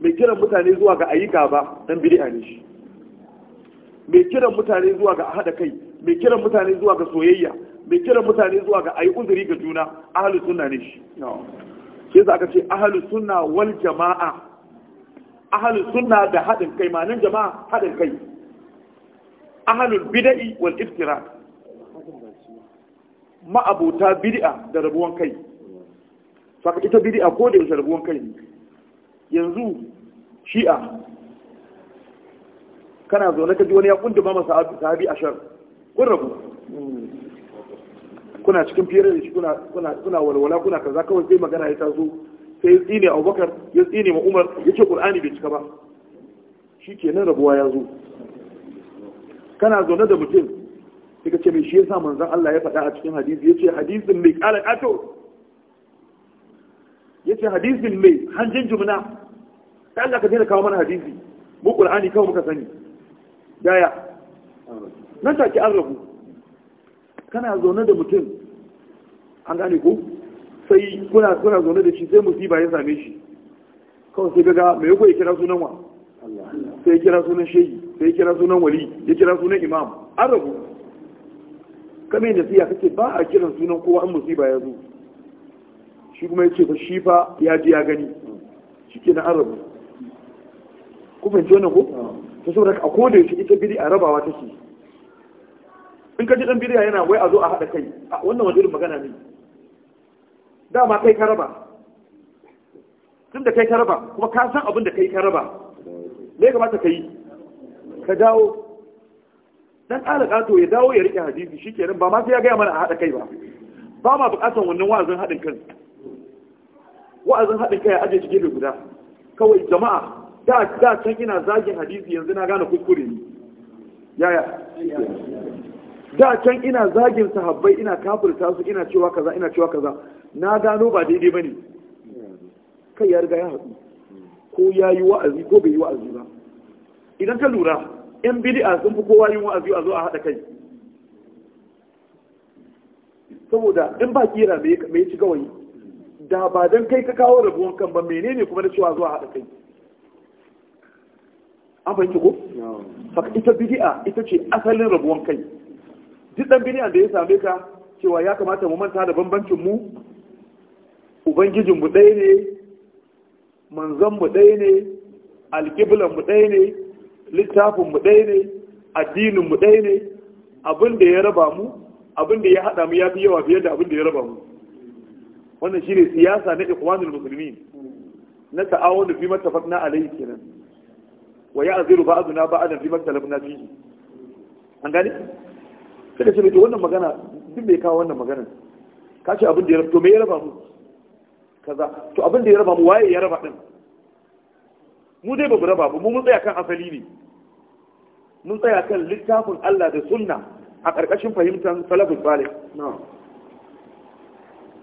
mai kiran mutane zuwa ga ayyuka ba dan bid'a ne shi mai kiran mutane zuwa ga hada kai mai kiran mutane zuwa ga soyayya mai kiran mutane zuwa ga ayi uzuri ga juna ahlus sunna ne shi sai za ka ce ahlus sunna wal jama'a ahlus sunna da hadin kai ma nan jama'a hadin kai ahlul bid'i wal iftira abota bid'a da rabuwan kai saka ita bid'a ko da rabuwan kai yanzu shi'a kana zaune ka ji wani ya kunduma masa sahabi ashar kun rabu kuna cikin fiye da shi kuna walwala kuna kaza kawai sai magana ya taso sai ya tsine abubakar ya tsine ma umar ya ce qur'ani bai cika ba shi kenan rabuwa ya zo kana zaune da mutum sai ka ce mai shi yasa manzan Allah ya faɗa a cikin hadisi ya ce hadisin mai kala kato ya ce hadisin mai hanjin jumna ta Allah ka daina kawo mana hadisi mu qur'ani kawai muka sani daya nan take an rabu kana zaune da mutum an gane ko sai kuna kuna zaune da shi sai musiba ya same shi kawai sai gaga me yako ya kira sunan wa sai ya kira sunan shehi sai ya kira sunan wali ya kira sunan imam an rabu kamar da siya kake ba a kiran sunan kowa an musiba ya zo shi kuma ya ce fa shi fa ya ji ya gani shi ke na an rabu ku fahimci wannan ko ta saboda a koda yaushe ita bidi a rabawa take in ka ji dan bidiya yana wai a zo a haɗa kai wannan wani irin magana ne dama kai ka raba tun da kai ka raba kuma ka san abin da kai ka raba me ya kamata ka yi ka dawo dan alaka ya dawo ya rike hadisi shikenan ba ma sai ya gaya mana a haɗa kai ba ba ma buƙatar wannan wa'azin haɗin kan wa'azin haɗin kai a ajiye shi gefe guda kawai jama'a da da can ina zagin hadisi yanzu na gane kuskure ne yaya da can ina zagin sahabbai ina kafirta su ina cewa kaza ina cewa kaza na gano ba daidai bane kai ya riga ya haɗu ko ya yi wa'azi ko bai yi wa'azi ba idan ka lura yan bid'a sun fi kowa yin wa'azi a zo a haɗa kai saboda in ba kira mai ci gawayi da ba don kai ka kawo rabuwan kan ba menene kuma na cewa zuwa haɗa kai an fahimci ko? ita bidi'a ita ce asalin rabuwan kai duk dan bidiyan da ya same ka cewa ya kamata mu manta da bambancin mu ubangijin mu ɗaya ne manzon mu ɗaya ne mu ɗaya ne littafin mu ɗaya ne addinin mu ɗaya ne abin da ya raba mu abin da ya haɗa mu ya fi yawa fiye da abin da ya raba mu wannan shine siyasa na ikhwanul muslimin na ta'awunu fi mattafaqna alayhi kenan wa ya'ziru ba'duna ba'dan fi na fihi an gani sai ka ce to wannan magana duk mai kawo wannan magana ka ce abin da ya to me ya raba mu kaza to abin da ya raba mu waye ya raba din mu dai babu raba mu mun tsaya kan asali ne mun tsaya kan littafin Allah da sunna a ƙarƙashin fahimtar salafus salih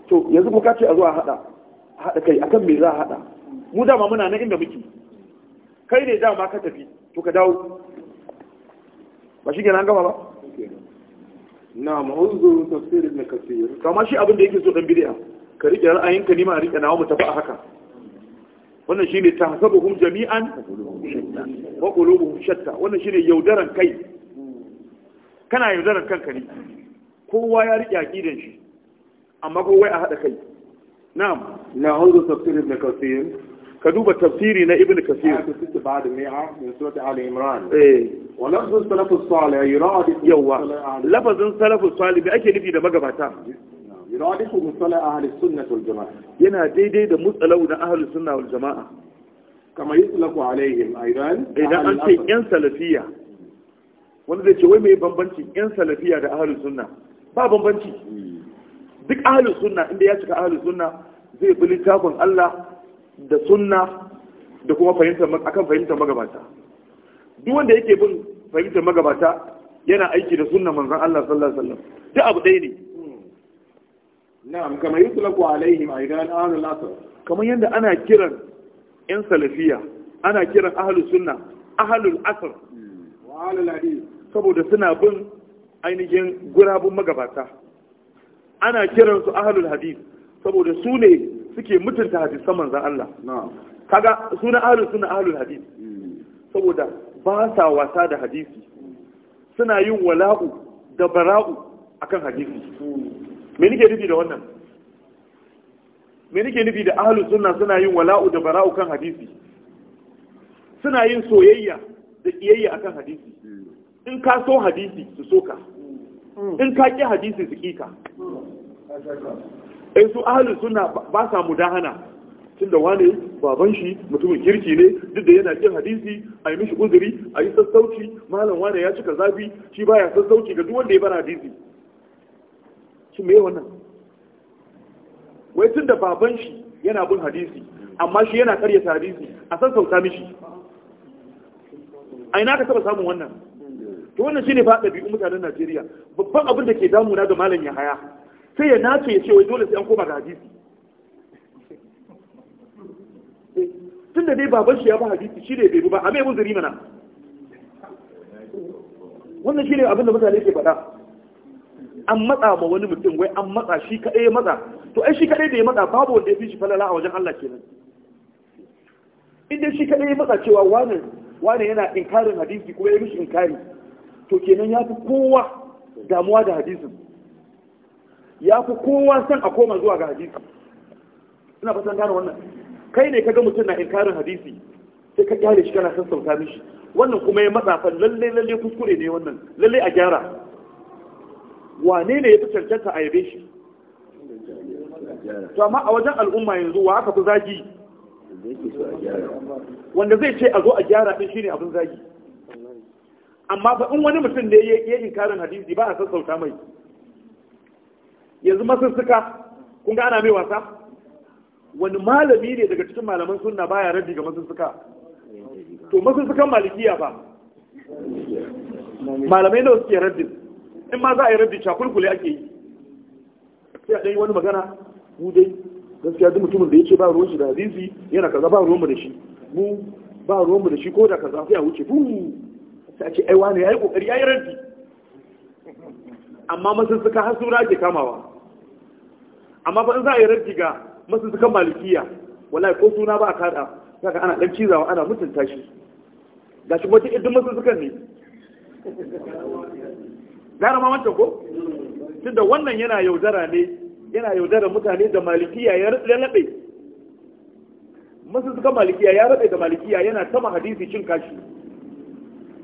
to yanzu ko ka ce a zuwa hada hada kai akan me za a hada mu dama muna nan inda muke kai ne dama ka tafi to ka dawo ba shi kenan gama ba na'am unzuru tafsir ibn kathir kama shi abin da yake so dan bid'a ka rike ra'ayin ka nima rike nawa mu tafi haka wannan shine tahsabuhum jami'an wa qulubuhum shatta wannan shine yaudaran kai kana yaudaran kanka ne kowa ya rike aqidan shi amma kowa ya hada kai na'am na'udhu tafsir ibn kathir ka duba tafsiri na ibn kasir eh. walafin salafus salih yuradi yawa lafazin salafus salih bi ake nufi da magabata yuradi ku musala ahli sunnah wal jamaa yana daidai da mutsalau na ahli sunna wal jamaa kama yuslaku alaihim aidan idan an ce yan salafiya wanda zai ce wai mai bambanci yan salafiya da ahli sunna ba bambanci hmm. duk ahli sunna inda ya cika ahli sunna zai bi littafin Allah da sunna da kuma fahimtar akan fahimtar magabata duk wanda yake bin fahimtar magabata yana aiki da sunna manzon Allah sallallahu alaihi wasallam duk abu ɗaya ne na'am kamar yutlaqu alaihim aidan ahlul asr kamar yanda ana kiran yan salafiya ana kiran ahlus sunna ahlul asr wa ahlul hadith saboda suna bin ainihin gurabun magabata ana kiransu ahlul hadith saboda su ne suke mutunta hadisan manzan Allah kaga suna ahlus suna ahlul hadis hmm. saboda ba sa wasa da hadisi suna yin wala'u da bara'u akan hadisi hmm. me nake nufi da wannan me nake nufi da ahlus sunna suna yin wala'u da bara'u kan hadisi suna yin soyayya da kiyayya akan hadisi hmm. in ka so hadisi su soka in ka ki hadisi su kika ai eh, su ahli suna ba sa mudahana da wane baban shi mutumin kirki ne duk da yana kin hadisi a yi mishi uzuri a yi sassauci malam wane ya cika zafi shi ba ya sassauci ga duk wanda ya bar hadisi shi me wannan wai da baban shi yana bin hadisi amma shi yana karyata hadisi a sassauta mishi a ina ka taba samun wannan to wannan shine fa ɗabi'un mutanen Najeriya babban abin da ke damuna ga malam Yahaya sai ya nace ya ce wai dole sai an koma ga hadisi tun da dai baban shi ya ba hadisi shi ne bai ba a mai zuri mana wannan shi ne abin da mutane ke faɗa an matsa ma wani mutum wai an matsa shi kaɗai ya matsa to ai shi kaɗai da ya matsa babu wanda ya fi shi falala a wajen Allah kenan inda shi kaɗai ya matsa cewa wani wani yana inkarin hadisi kuma ya mishi inkari to kenan ya fi kowa damuwa da hadisin ya fi kowa san a koma zuwa ga hadisi ina fatan gano wannan kai ne kaga mutum na inkarin hadisi sai ka kyale shi kana sassauta mishi wannan kuma ya matsafa lalle lalle kuskure ne wannan lalle a gyara wane ne ya fi cancanta a yabe shi to amma a wajen al'umma yanzu wa aka fi zagi wanda zai ce a zo a gyara din shine abin zagi amma fa in wani mutum ne ya yi inkarin hadisi ba a sassauta mai yanzu masussuka kun ga ana mai wasa wani malami ne daga cikin malaman sunna baya raddi ga masussuka to masussukan malikiya ba malamai nawa suke raddin in ma za a yi raddi cakulkule ake yi sai a ɗanyi wani magana mu dai gaskiya duk mutumin da ya ce ba ruwan shi da hadisi yana kaza ba ruwan mu da shi mu ba ruwan mu da shi ko da kaza sai a wuce fu sai a ce ai wani yayi kokari yayi raddi amma masussuka har sura ke kamawa amma ba in za a yi raddi ga masu sukan malikiya wallahi ko suna ba a kada saka ana dan cizawa ana mutunta shi gashi wata idan masu sukan ne gara ma wancan ko tunda wannan yana yaudara ne yana yaudara mutane da malikiya ya rabe masu suka malikiya ya rabe da malikiya yana sama hadisi cin kashi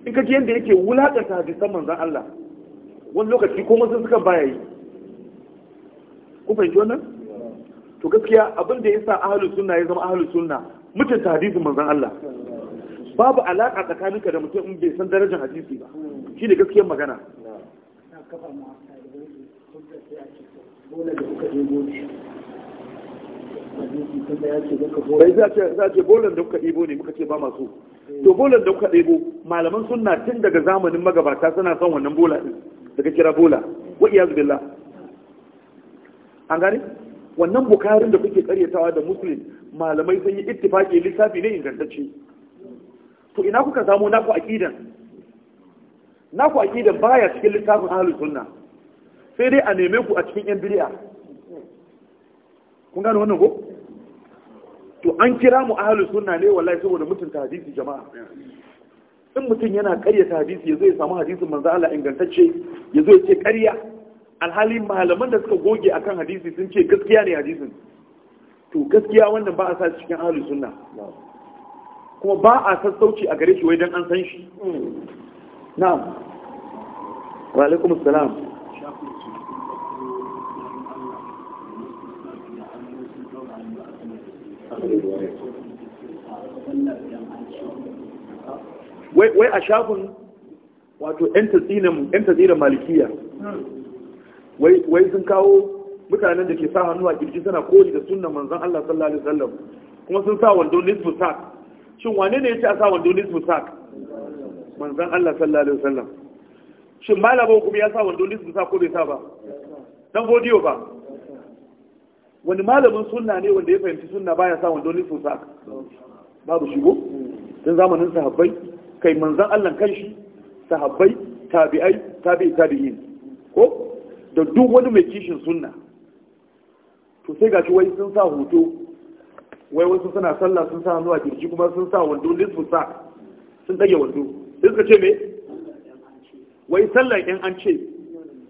in ka ji yadda yake wulakanta hadisan manzan Allah wani lokaci ko masu suka baya yi ku fahimci wannan to gaskiya abin da yasa ahlu sunna ya zama ahlu sunna mutunta hadisin manzon Allah babu alaka tsakaninka da mutum in bai san darajar hadisi ba shi ne gaskiyar magana bai za ce bolan da kuka ɗebo ne muka ce ba masu to bolan da kuka ɗebo malaman sunna tun daga zamanin magabata suna son wannan bola ɗin daga kira bola wa iyazu billah an gane wannan bukarin da kuke karyatawa da musulun malamai sun yi ittifaki lissafi ne ingantacce to ina kuka samu naku aqidan naku aqidan baya cikin littafin ahlus sunna sai dai a neme ku a cikin yan bid'a kun gane wannan ko to an kira mu ahlus sunna ne wallahi saboda mutunta hadisi jama'a in mutum yana karyata hadisi yazo ya samu hadisin manzo Allah ingantacce yazo ya ce karya alhali malaman da suka goge akan hadisi sun ce gaskiya ne hadisin to gaskiya wannan ba a sa cikin ahlus sunna kuma ba a sassauci a gare shi wai dan an san shi na'am wa alaikum assalam wai a shafin wato 'yan tasirin malikiya wai sun kawo mutanen da ke sa hannu a kirji suna koli da sunan Manzan Allah sallallahu alaihi wasallam kuma sun sa wando nisfu sak shin wane ne yace a sa wando nisfu sak Manzan Allah sallallahu alaihi wasallam shin malaba kuma ya sa wando nisfu sak ko bai sa ba dan godiyo ba wani malamin sunna ne wanda ya fahimci sunna baya sa wando nisfu sak babu shigo tun zamanin sahabbai kai Manzan Allah kanshi sahabbai tabi'ai tabi'i tabi'in ko da duk wani mai kishin sunna to sai gashi wai sun sa hoto wai wasu suna sallah sun sa hannu a kirji kuma sun sa wando nisfu sa sun dage wando sai suka ce me wai sallah in an ce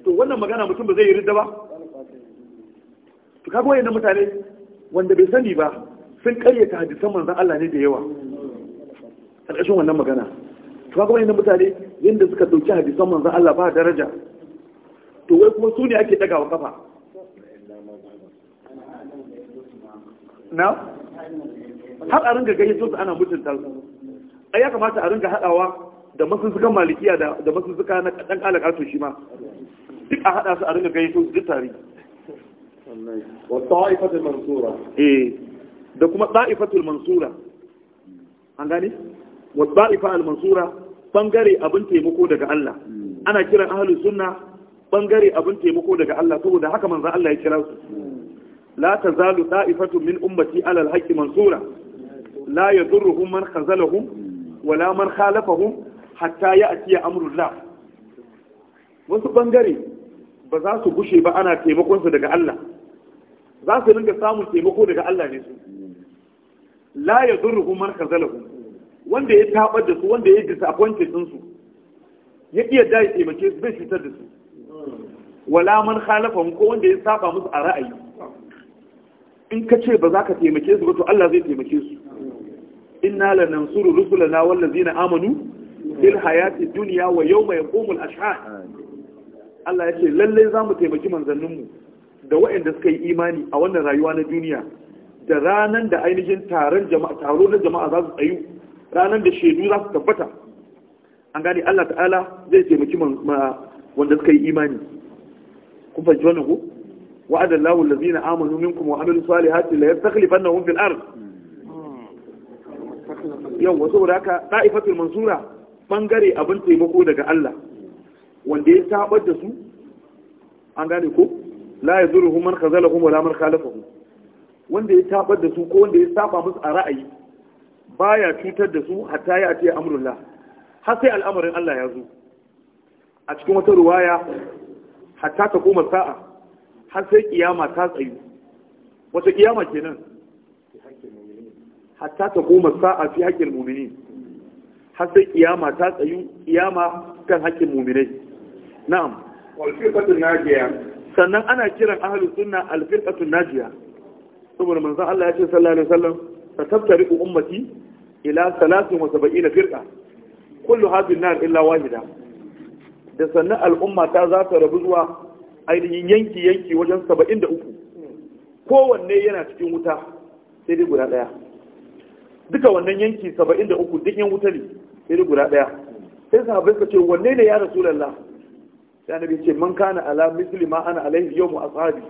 to wannan magana mutum ba zai yi ridda ba to kaga wayannan mutane wanda bai sani ba sun karyata hadisan manzon Allah ne da yawa karkashin wannan magana to kaga wayannan mutane yanda suka dauki hadisan manzon Allah ba daraja to wai kuma su ne ake wa kafa na har a ringa gaye su ana mutunta su a ya kamata a ringa haɗawa da masussukan malikiya da masussuka na ɗan alaƙa to shi ma duk a haɗa su a ringa gaye su duk tare eh, da kuma ɗa'ifatul mansura an gane watta'ifa al mansura bangare abin taimako daga Allah hmm. ana kiran ahlus sunna bangare abin taimako daga Allah saboda haka manzo Allah ya kira su la tazalu da'ifatu min ummati alal haqqi mansura la yadurruhum man khazalahum wala man khalafahum hatta ya'tiya amrullah wasu bangare ba za su gushe ba ana taimakon su daga Allah za su dinga samun taimako daga Allah ne su la yadurruhum man khazalahum wanda ya tabar da su wanda ya disappoint din su ya iya dai taimake su bai cutar da su wala man khalafa ko wanda ya saba musu a ra'ayi in ka ce ba za ka taimake su ba to Allah zai taimake su inna lanansuru rusulana wallazina amanu fil hayati dunya wa yawma yaqumul ashhad Allah ya ce lalle za mu taimaki mu da waɗanda suka yi imani a wannan rayuwa na duniya da ranan da ainihin taron jama'a taro na jama'a za su tsayu ranan da shaidu za su tabbata an gane Allah ta'ala zai taimaki wanda suka yi imani kun fahimci wannan ku wa'ada Allahu allazina amanu minkum wa amilu salihati la yastakhlifannahum fil ard yawa saboda haka ta'ifatul mansura bangare abin taimako daga Allah wanda ya tabar da su an gane ko la yazuruhum man khazalahum wala man khalafahum wanda ya tabar da su ko wanda ya saba musu a ra'ayi baya cutar da su hatta ya ce amrullah har sai al'amarin Allah ya zo a cikin wata ruwaya hatta ta koma sa'a har sai kiyama ta tsayu wata kiyama kenan hatta ta koma sa'a fi haƙƙin mumini har sai kiyama ta tsayu kiyama kan haƙƙin muminai na'am walfiqatun najiya sannan ana kiran ahlus sunna alfirqatun najiya saboda manzon Allah ya ce sallallahu alaihi wasallam sataftariqu ummati ila 73 firqa kullu hadhihi an-nar illa wahida da sannan al'umma ta za ta rabu zuwa ainihin yanki yanki wajen saba'in da uku kowanne yana cikin wuta sai dai guda ɗaya duka wannan yanki saba'in da uku duk yan wuta ne sai dai guda ɗaya sai su suka ce wanne ne ya lalla ya nabi ce man kana ala misli ma ana alaihi tsari.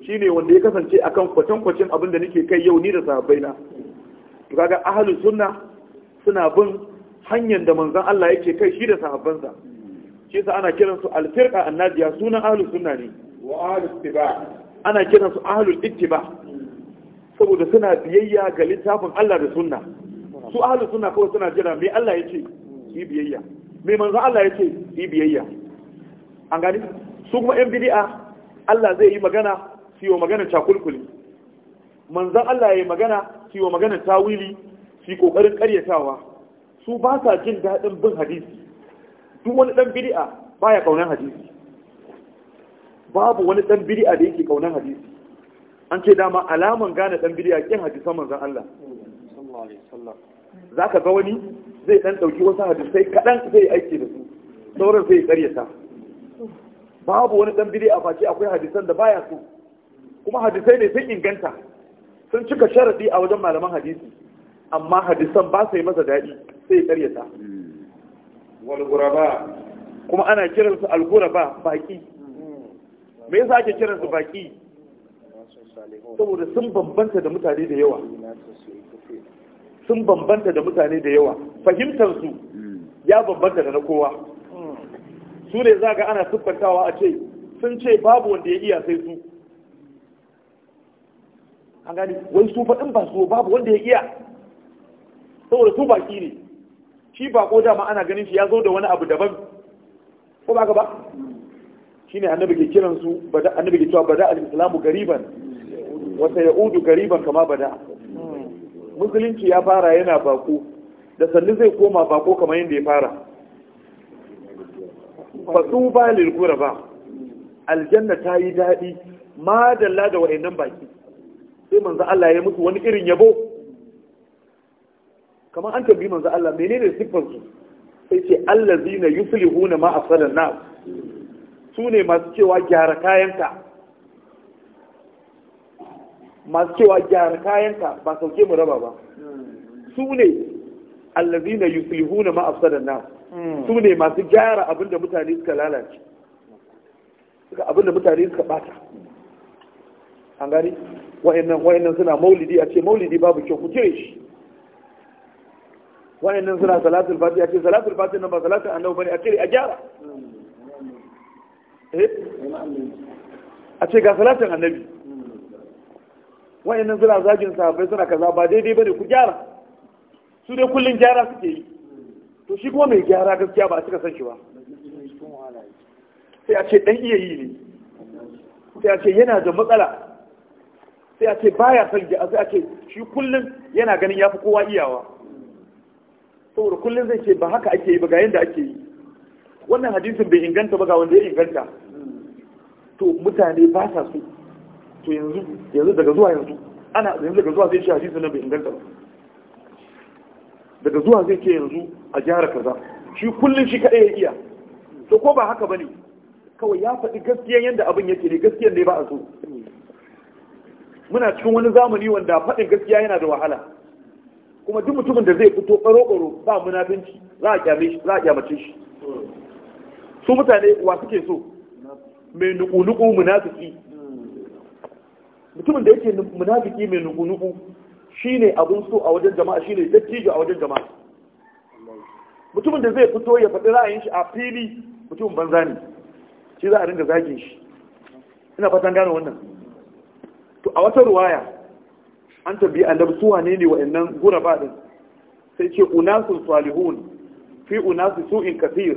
ashabi ne wanda ya kasance a kan kwacen-kwacen abin da nake kai yau ni da sahabbai na to kaga ahalin sunna suna bin hanyar da manzon Allah yake kai shi da sahabbansa shi sa ana su alfirqa annabiya sunan ahlu sunna ne wa ahlu ittiba ana kiran su ahlul ittiba saboda suna biyayya ga littafin Allah da sunna su ahlu sunna kawai suna jira me Allah ya ce yi biyayya me manzo Allah ya ce yi biyayya an gani su kuma yan bid'a Allah zai yi magana su yi magana cakulkuli manzon Allah ya yi magana su yi magana tawili su yi kokarin karyatawa su ba sa jin daɗin bin hadisi duk wani dan bid'a baya kaunar hadisi babu wani dan bid'a da yake kaunar hadisi an ce dama alaman gane dan bid'a kin hadisan manzon Allah za ka ga wani zai dan dauki wasu hadisai kaɗan zai aiki da su sauran zai karyata babu wani dan bid'a face akwai hadisan da baya so kuma hadisai ne sun inganta sun cika sharadi a wajen malaman hadisi amma hadisan ba sai yi masa daɗi sai ya karyata walguraba kuma ana kiransu alguraba baki me yasa ake kiransu baki saboda sun bambanta da mutane da yawa sun bambanta da mutane da yawa fahimtarsu ya bambanta da na kowa su ne za ga ana siffantawa a ce sun ce babu wanda ya iya sai su an gani wai su faɗin ba su babu wanda ya iya saboda su baki ne shi bako dama ana ganin shi ya zo da wani abu daban ko ba ba Shi ne annabi ke kiran su bada annabi ke cewa bada al-islamu gariban wa sayaudu gariban kama bada musulunci ya fara yana bako da sannu zai koma bako kamar yadda ya fara fasu ba lilgura ba aljanna ta yi daɗi ma dalla da wa'annan baki sai manzo Allah ya musu wani irin yabo kamar an tambayi manzo Allah menene siffar su sai ce allazina yuflihuna ma asalan nas su ne masu cewa gyara kayanka masu cewa gyara kayanka ba sauke mu raba ba su ne allazina yuflihuna ma asalan nas hmm. su ne masu gyara abinda mutane suka lalace suka abinda mutane suka bata an gani wayannan wayannan suna maulidi a ce maulidi babu kyau ku kire shi wayannan suna salatul fatiha ce salatul fatiha nan ba salatul annabi bane a cire a gyara eh a ce ga salatin annabi wayannan suna zagin sahabbai suna kaza ba daidai bane ku gyara su dai kullun gyara suke yi to shi kuma mai gyara gaskiya ba a cika san shi ba sai a ce dan iya yi ne sai a ce yana da matsala sai a ce baya son sai a ce shi kullun yana ganin yafi kowa iyawa saboda kullum zai ce ba haka ake yi ba ga yadda ake yi wannan hadisin bai inganta ba ga wanda ya inganta to mutane ba sa so to yanzu yanzu daga zuwa yanzu ana yanzu daga zuwa zai ce hadisin nan bai inganta ba daga zuwa zai ce yanzu a jihar kaza shi kullum shi kaɗai ya iya to ko ba haka ba ne kawai ya faɗi gaskiyan yadda abin yake ne gaskiyan ne ba a so muna cikin wani zamani wanda faɗin gaskiya yana da wahala kuma duk mutumin da zai fito baro-baro ba munafinci za a kyame shi za a kyamace shi su mutane wa suke so mai nuku-nuku munafiki mutumin da yake munafiki mai nuku-nuku shine abin so a wajen jama'a shine dattijo a wajen jama'a mutumin da zai fito ya faɗi ra'ayin shi a fili mutumin banza ne shi za a ringa zagin shi ina fatan gane wannan to a wata ruwaya an tambayi annabi su wane ne wa'annan ba din sai ce unasun salihun fi unasu su'in kafir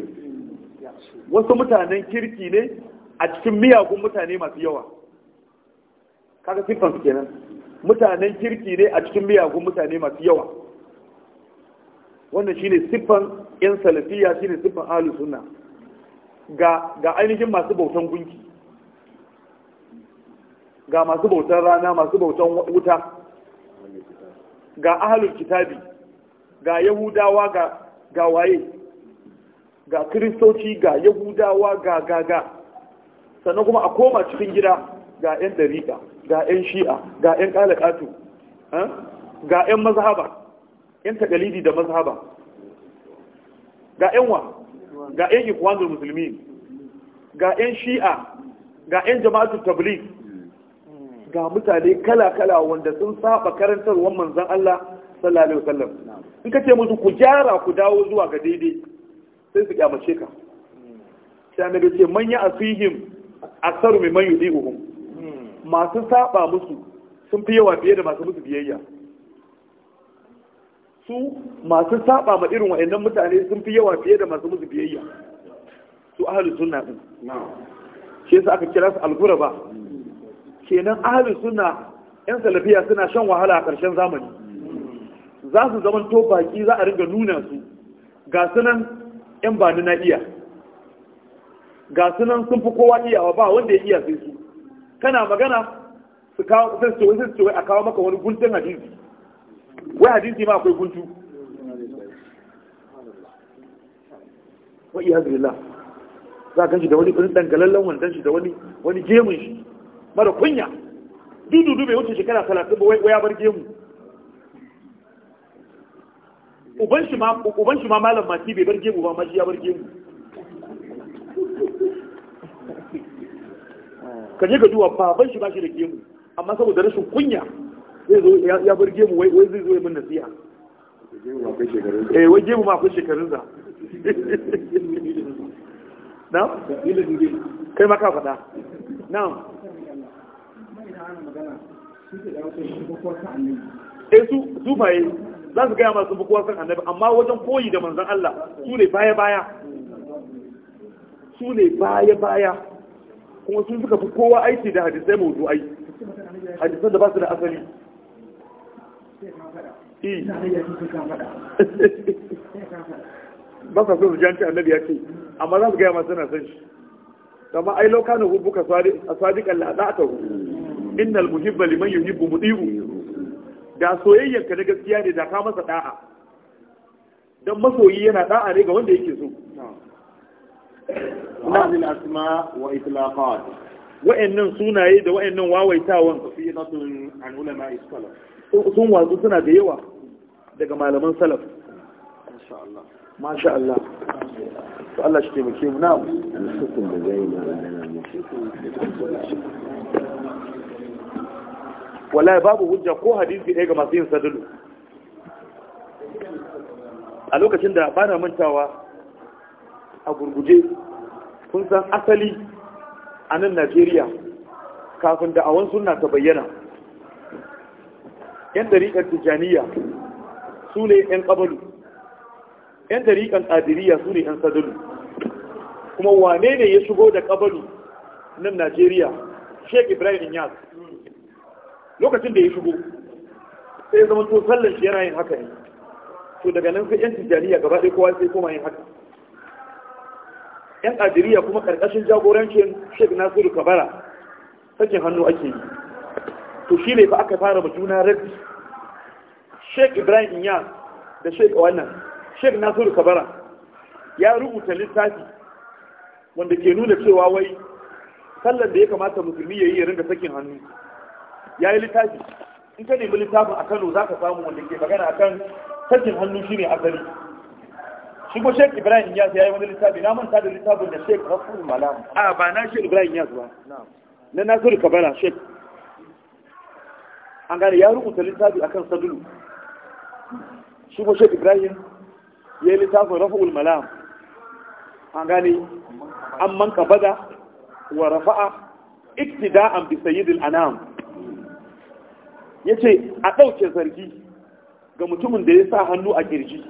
wasu mutanen kirki ne a cikin miyagun mutane masu yawa kaga siffan su kenan mutanen kirki ne a cikin miyagun mutane masu yawa wannan shine siffan yan salafiya shine siffan ahlus sunna ga ga ainihin masu bautan gunki ga masu bautan rana masu bautan wuta ga ahalul kitabi ga yahudawa ga ga waye ga kristoci ga yahudawa ga ga ga sannan kuma a koma cikin gida ga 'yan dariƙa ga 'yan shi'a ga 'yan ƙalaƙatu eh? ga 'yan mazhaba 'yan takalidi da mazhaba ga 'yan wa ga 'yan ikwanul musulmi ga 'yan shi'a ga 'yan jama'atul tabligh ga mutane kala-kala wanda sun saba karantarwar manzan Allah sallallahu alaihi wasallam in ka ce musu ku gyara ku dawo zuwa ga daidai sai su kyamace ka sai annabi ce man ya asihim mai man yudihuhum hmm. masu saba musu sun fi yawa fiye da masu musu biyayya su masu saba ma irin wa'annan mutane sun fi yawa fiye da masu musu biyayya su ahlus sunna din shi yasa aka kira su al-ghuraba kenan ahalin suna yan salafiya suna shan wahala a ƙarshen zamani za su zaman to baki za a riga nuna su ga sunan yan ba na iya ga sunan sun fi kowa iyawa ba wanda ya iya sai su kana magana su kawo sai su wai su a kawo maka wani guntun hadisi wai hadisi ma akwai guntu wa iya billah za a shi da wani ɗan galallan wani shi da wani gemun shi mara kunya dudu bai wuce shekara talatin ba wai ya bar gemu uban shi ma malam ma malam bai bar gemu ba ma shi ya bar gemu ka je ka ba ban shi ba shi da gemu amma saboda rashin kunya zai zo ya bar gemu wai zai zo ya min nasiya? eh wai gemu ma akwai shekarun za na kai ma ka faɗa na Eh, su su baye za su gaya masu bukuwa san annabi amma wajen koyi da manzan Allah su ne baya baya su ne baya baya kuma sun suka fi kowa aiki da hadisai ai hadisan da ba su da asali eh. ba sa so su janci annabi ya ce amma za su gaya masu na san shi kama ai lokacin hukuka a sadiƙan hukuku innal muhibba liman yuhibbu mudiru da soyayyar ka da gaskiya ne da ka masa da'a dan masoyi yana da'a ne ga wanda yake so asma wa itlaqat wa'annan sunaye da wa'annan wawaitawan sun wazu suna da yawa daga malaman salaf masha Allah to Allah shi taimake mu na'am wala babu hujja ko hadisi ɗaya ga masu yin sadudu a lokacin da ba na mantawa a gurguje kun san asali a nan najeriya kafin da awon suna ta bayyana yan dariƙar tijjaniya su ne yan ƙabalu yan dariƙar tsadiriya su ne yan sadudu kuma wane ne ya shigo da ƙabalu nan najeriya sheik ibrahim yaz lokacin da ya shigo sai zama to sallan shi yana yin haka ne to daga nan sai yan tijaniya gaba ɗaya kowa sai koma yin haka yan ajiriya kuma ƙarƙashin jagorancin sheik nasiru kabara sakin hannu ake yi to shi ne fa aka fara juna rabbi sheik ibrahim inya da sheik wannan sheik nasiru kabara ya rubuta littafi wanda ke nuna cewa wai sallar da ya kamata musulmi ya yi ya ringa sakin hannu ya yi littafi in ka nemi littafin a kano za ka samu wanda ke magana a kan sakin hannu shi ne asali shi ko shek ibrahim yas ya yi wani littafi na manta da littafin da shek rasul malam a ba na shek ibrahim yas ba na nasiru kabala shek an gane ya rubuta littafi a kan sadulu shi ko shek ibrahim ya yi littafin rasul malam an gane an manka bada wa rafa'a iktida'an bi sayyidil anam ya ce a ɗauke zargi ga mutumin da ya sa hannu a girji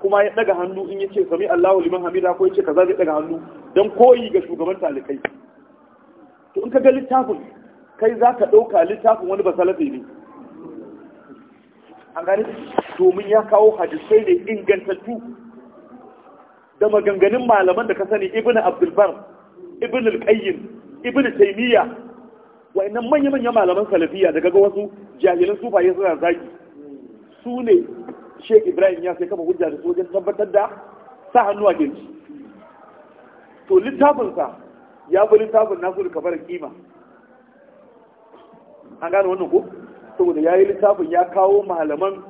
kuma ya ɗaga hannu in ya ce sami Allahu liman hamida ko ya ce kaza zai ɗaga hannu don koyi ga shugaban talikai to in ka ga littafin kai za ka ɗauka littafin wani basalafi ne an ganin domin ya kawo hadisai da ingantattu da maganganun malaman da ka sani ibn abdulbar ibn alƙayyin ibn Taimiyya. wa'annan manya-manya malaman salafiya daga ga wasu jahilan sufaye suna zagi su ne sheik ibrahim ya sai kama hujja da su wajen tabbatar da sa hannu a kirji to littafinsa ya fi littafin nasu da kamar kima an gane wannan ko saboda ya yi littafin ya kawo malaman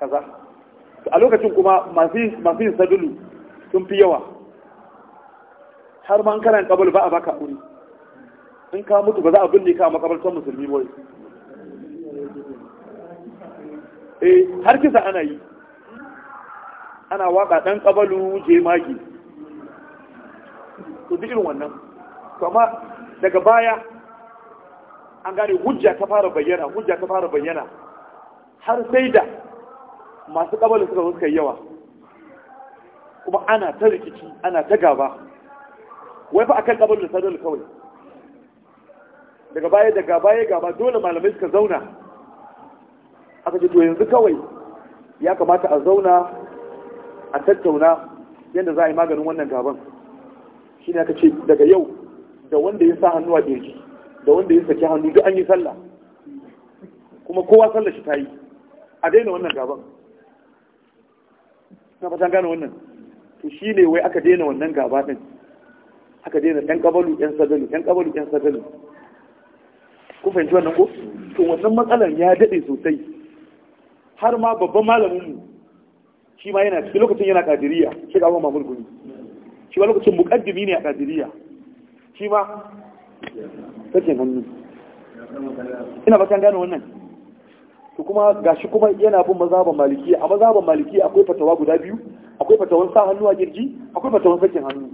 kaza a lokacin kuma masu yin sadulu sun fi yawa har ma an karan kabul ba a baka wuri in ka mutu ba za a binne ka a makabartar musulmi ba eh har kisa ana yi ana waka dan kabalu je magi to duk irin wannan to amma daga baya an gane hujja ta fara bayyana hujja ta fara bayyana har sai da masu kabalu suka zo suka yi yawa kuma ana ta rikici ana ta gaba wai fa akan kabalu da kawai daga baya daga baya gaba dole malamai suka zauna aka ce to yanzu kawai ya kamata a zauna a tattauna yadda za a yi maganin wannan gaban shi ne aka ce daga yau da wanda ya sa hannu a kirji da wanda ya saki hannu duk an yi sallah kuma kowa sallah shi ta yi a daina wannan gaban na fatan gane wannan to shi ne wai aka daina wannan gaba din aka daina ɗan ƙabalu ɗan sadalu ɗan ƙabalu ɗan sadalu ku fahimci wannan ko to wannan matsalan ya dade sosai har ma babban malamin mu shi ma yana cikin lokacin yana kadiriya shi ga mamul gumi shi ma lokacin muqaddimi ne a kadiriya shi ma take hannu ina ba kan gane wannan to kuma gashi kuma yana bin mazhaban maliki. a mazhaban maliki akwai fatawa guda biyu akwai fatawan sa hannu a kirji akwai fatawan sakin hannu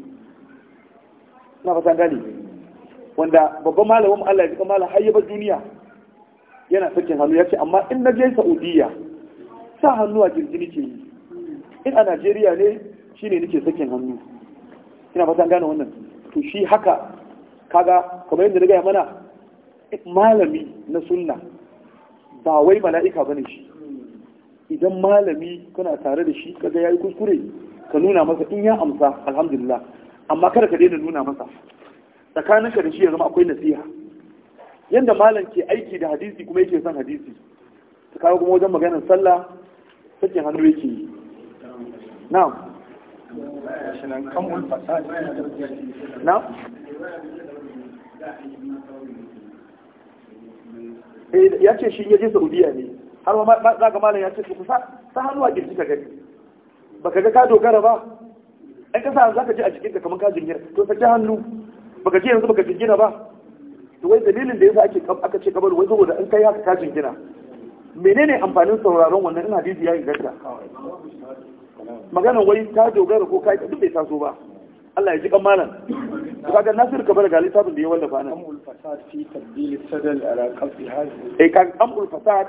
ina ba kan gane wanda babban malamin Allah ya ji kamala har yaba duniya yana sakin hannu ya ce amma in na je Saudiya sa hannu a jirgin ke yi in a Najeriya ne shine nake sakin hannu ina fatan gane wannan to shi haka kaga kamar yadda daga mana malami na sunna ba wai mala'ika bane shi idan malami kana tare da shi kaga yayi kuskure ka nuna masa in ya amsa alhamdulillah amma kada ka daina nuna masa tsakaninka da shi ya zama akwai nasiha Yadda malam ke aiki da hadisi kuma yake son hadisi ta kawo kuma wajen maganar sallah sakin hannu yake yi na'am na'am eh, ya ce shi ya je saudiya ne har ma za ga malam ya ce ku sa hannu a kirji ka gani baka ga ka dogara ba ɗan ƙasa za ka ji a jikinka kamar ka jingir to saki hannu baka ji yanzu baka jingina ba to wai dalilin da yasa ake aka ce kabari wai saboda in kai haka ka jingina menene amfanin sauraron wannan ina hadisi ya inganta magana wai ta dogara ko kai duk bai taso ba Allah ya ji kamalan kaga Nasir Kabir ga littafin da ya wallafa nan amul fasad fi tabdil sadal ala qasdi hadhihi eh kan amul fasad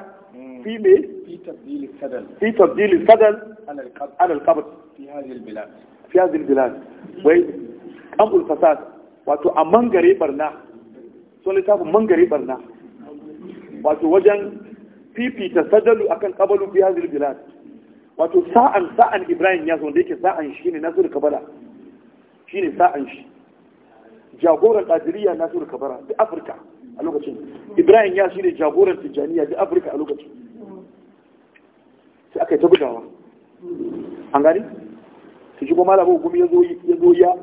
في مين؟ في تبديل الثدل في تبديل الثدل على القبض على القبض في هذه البلاد في هذه البلاد وين؟ أمر الفساد wato a mangare barna sun littafin mangare barna wato wajen fifita sadalu akan kabalu fi hazil bilad wato sa'an sa'an ibrahim ya zo da yake sa'an shi ne nasiru kabala shi ne sa'an shi jagoran qadiriyya nasiru kabara da afirka a lokacin ibrahim ya shi ne jagoran tijjaniya da afirka a lokacin sai aka yi ta bugawa an gani su shi kuma malamu gumi ya zo ya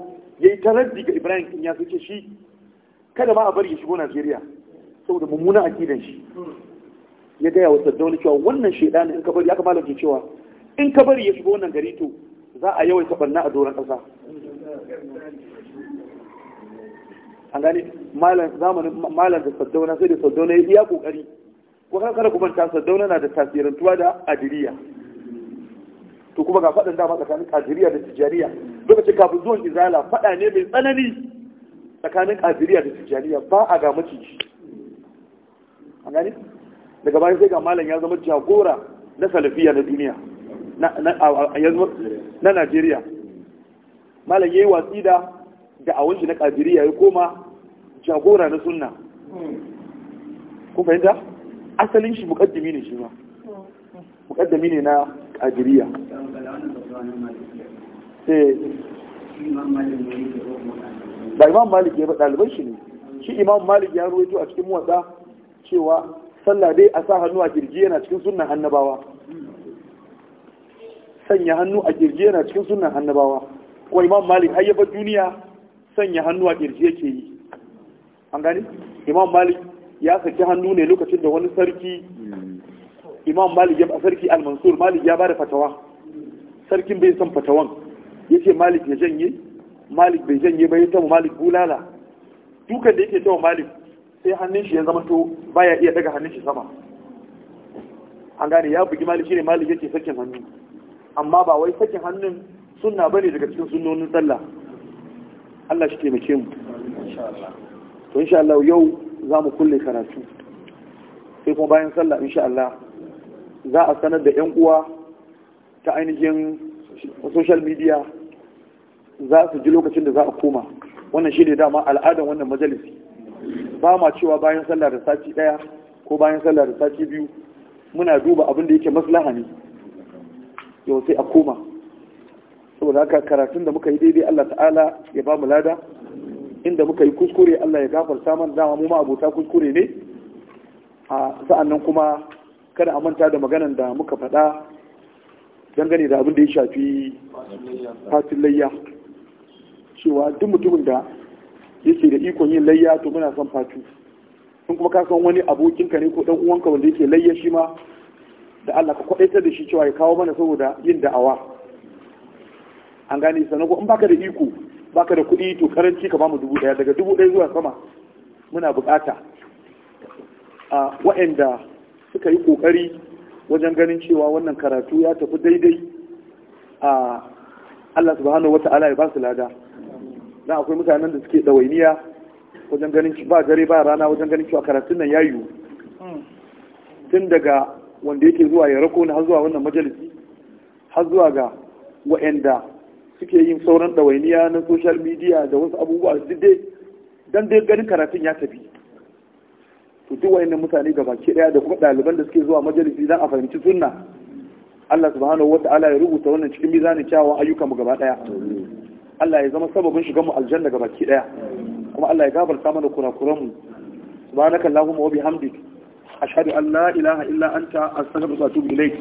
ya yi taraddi ga ibrahim kinya ya ce shi kada ma a bari ya shigo najeriya saboda mummunan akidan shi ya gaya wa saddauna cewa wannan shaidanin in ka bari aka malamce cewa in ka bari ya shigo wannan gari to za a yawaita barna a doron ƙasa an gane zamanin malam da saddauna sai da saddauna ya iya kokari ko kada kuma ta saddauna na da tasirantuwa da adiriya to kuma ga faɗin dama tsakanin kadiriya da tijjaniya lokacin kafin zuwan izala faɗa ne mai tsanani tsakanin kadiriya da tijjaniya ba a ga maciji a gani daga bayan sai ga malam ya zama jagora na salafiya na duniya na najeriya malam ya yi watsi da da'awun shi na kadiriya ya koma jagora na sunna kun fahimta asalin shi mukaddimi ne shi ma mukaddimi ne na Ajiriya. Eh. ba imam malik ya alibai shi ne shi imam malik ya ruwaito a cikin watsa cewa sallah dai a sa hannu a kirji yana cikin sunan annabawa sanya hannu a kirji yana cikin sunan annabawa kuma imam malik har yaba duniya sanya hannu a kirji yake yi an gani imam malik ya saki hannu ne lokacin da wani sarki imam malik ya sarki al-mansur malik ya bada fatawa sarkin bai san fatawan yace malik ya janye malik bai janye ba ya tawo malik bulala dukan da yake tawo malik sai hannun shi ya zama to baya iya daga hannun shi sama an gane ya bugi malik shine malik yake sakin hannu amma ba wai sakin hannun sunna bane daga cikin sunnonin sallah Allah shi taimake mu to insha Allah yau za mu kulle karatu sai kuma bayan sallah insha Allah za a sanar da 'yan uwa ta ainihin social media za su ji lokacin da za a koma wannan shi ne dama al'adar wannan majalisi ba ma cewa bayan sallah da sati ɗaya ko bayan sallah da sati biyu muna duba abin da yake maslaha ne yau sai a koma saboda haka karatun da muka yi daidai Allah ta'ala ya ba mu lada inda muka yi kuskure Allah ya gafarta mana dama mu ma abota kuskure ne a sa'annan kuma kada a manta da magana da muka faɗa dangane da abin da ya shafi fatin layya cewa duk mutumin da yake da ikon yin layya to muna son fatu sun kuma ka san wani abokinka ne ko dan uwanka wanda yake layya shi ma da Allah ka kwadaitar da shi cewa ya kawo mana saboda yin da'awa an gane sannan ko in baka da iko baka da kuɗi to karanci ka bamu dubu ɗaya daga dubu ɗaya zuwa sama muna bukata a wa'anda suka yi kokari wajen ganin cewa wannan karatu ya tafi daidai a Allah subhanahu wata'ala ya ba su lada dan akwai mutanen da suke dawainiya wajen ganin ba gare ba rana wajen ganin cewa karatun nan ya yiwu tun daga wanda yake zuwa ya rako na zuwa wannan majalisi har zuwa ga wa'anda suke yin sauran dawainiya na social media da wasu abubuwa duk dai don dai ganin karatun ya tafi to duk wayannan mutane ga daya da kuma ɗaliban da suke zuwa majalisi dan a fahimci sunna Allah subhanahu wata'ala ya rubuta wannan cikin mizanin kyawun ayyukan mu gaba daya Allah ya zama sababin shigan mu aljanna ga daya kuma Allah ya gafarta mana kurakuran mu subhanaka allahumma wa bihamdik ashhadu an la ilaha illa anta astaghfiruka wa atubu ilaik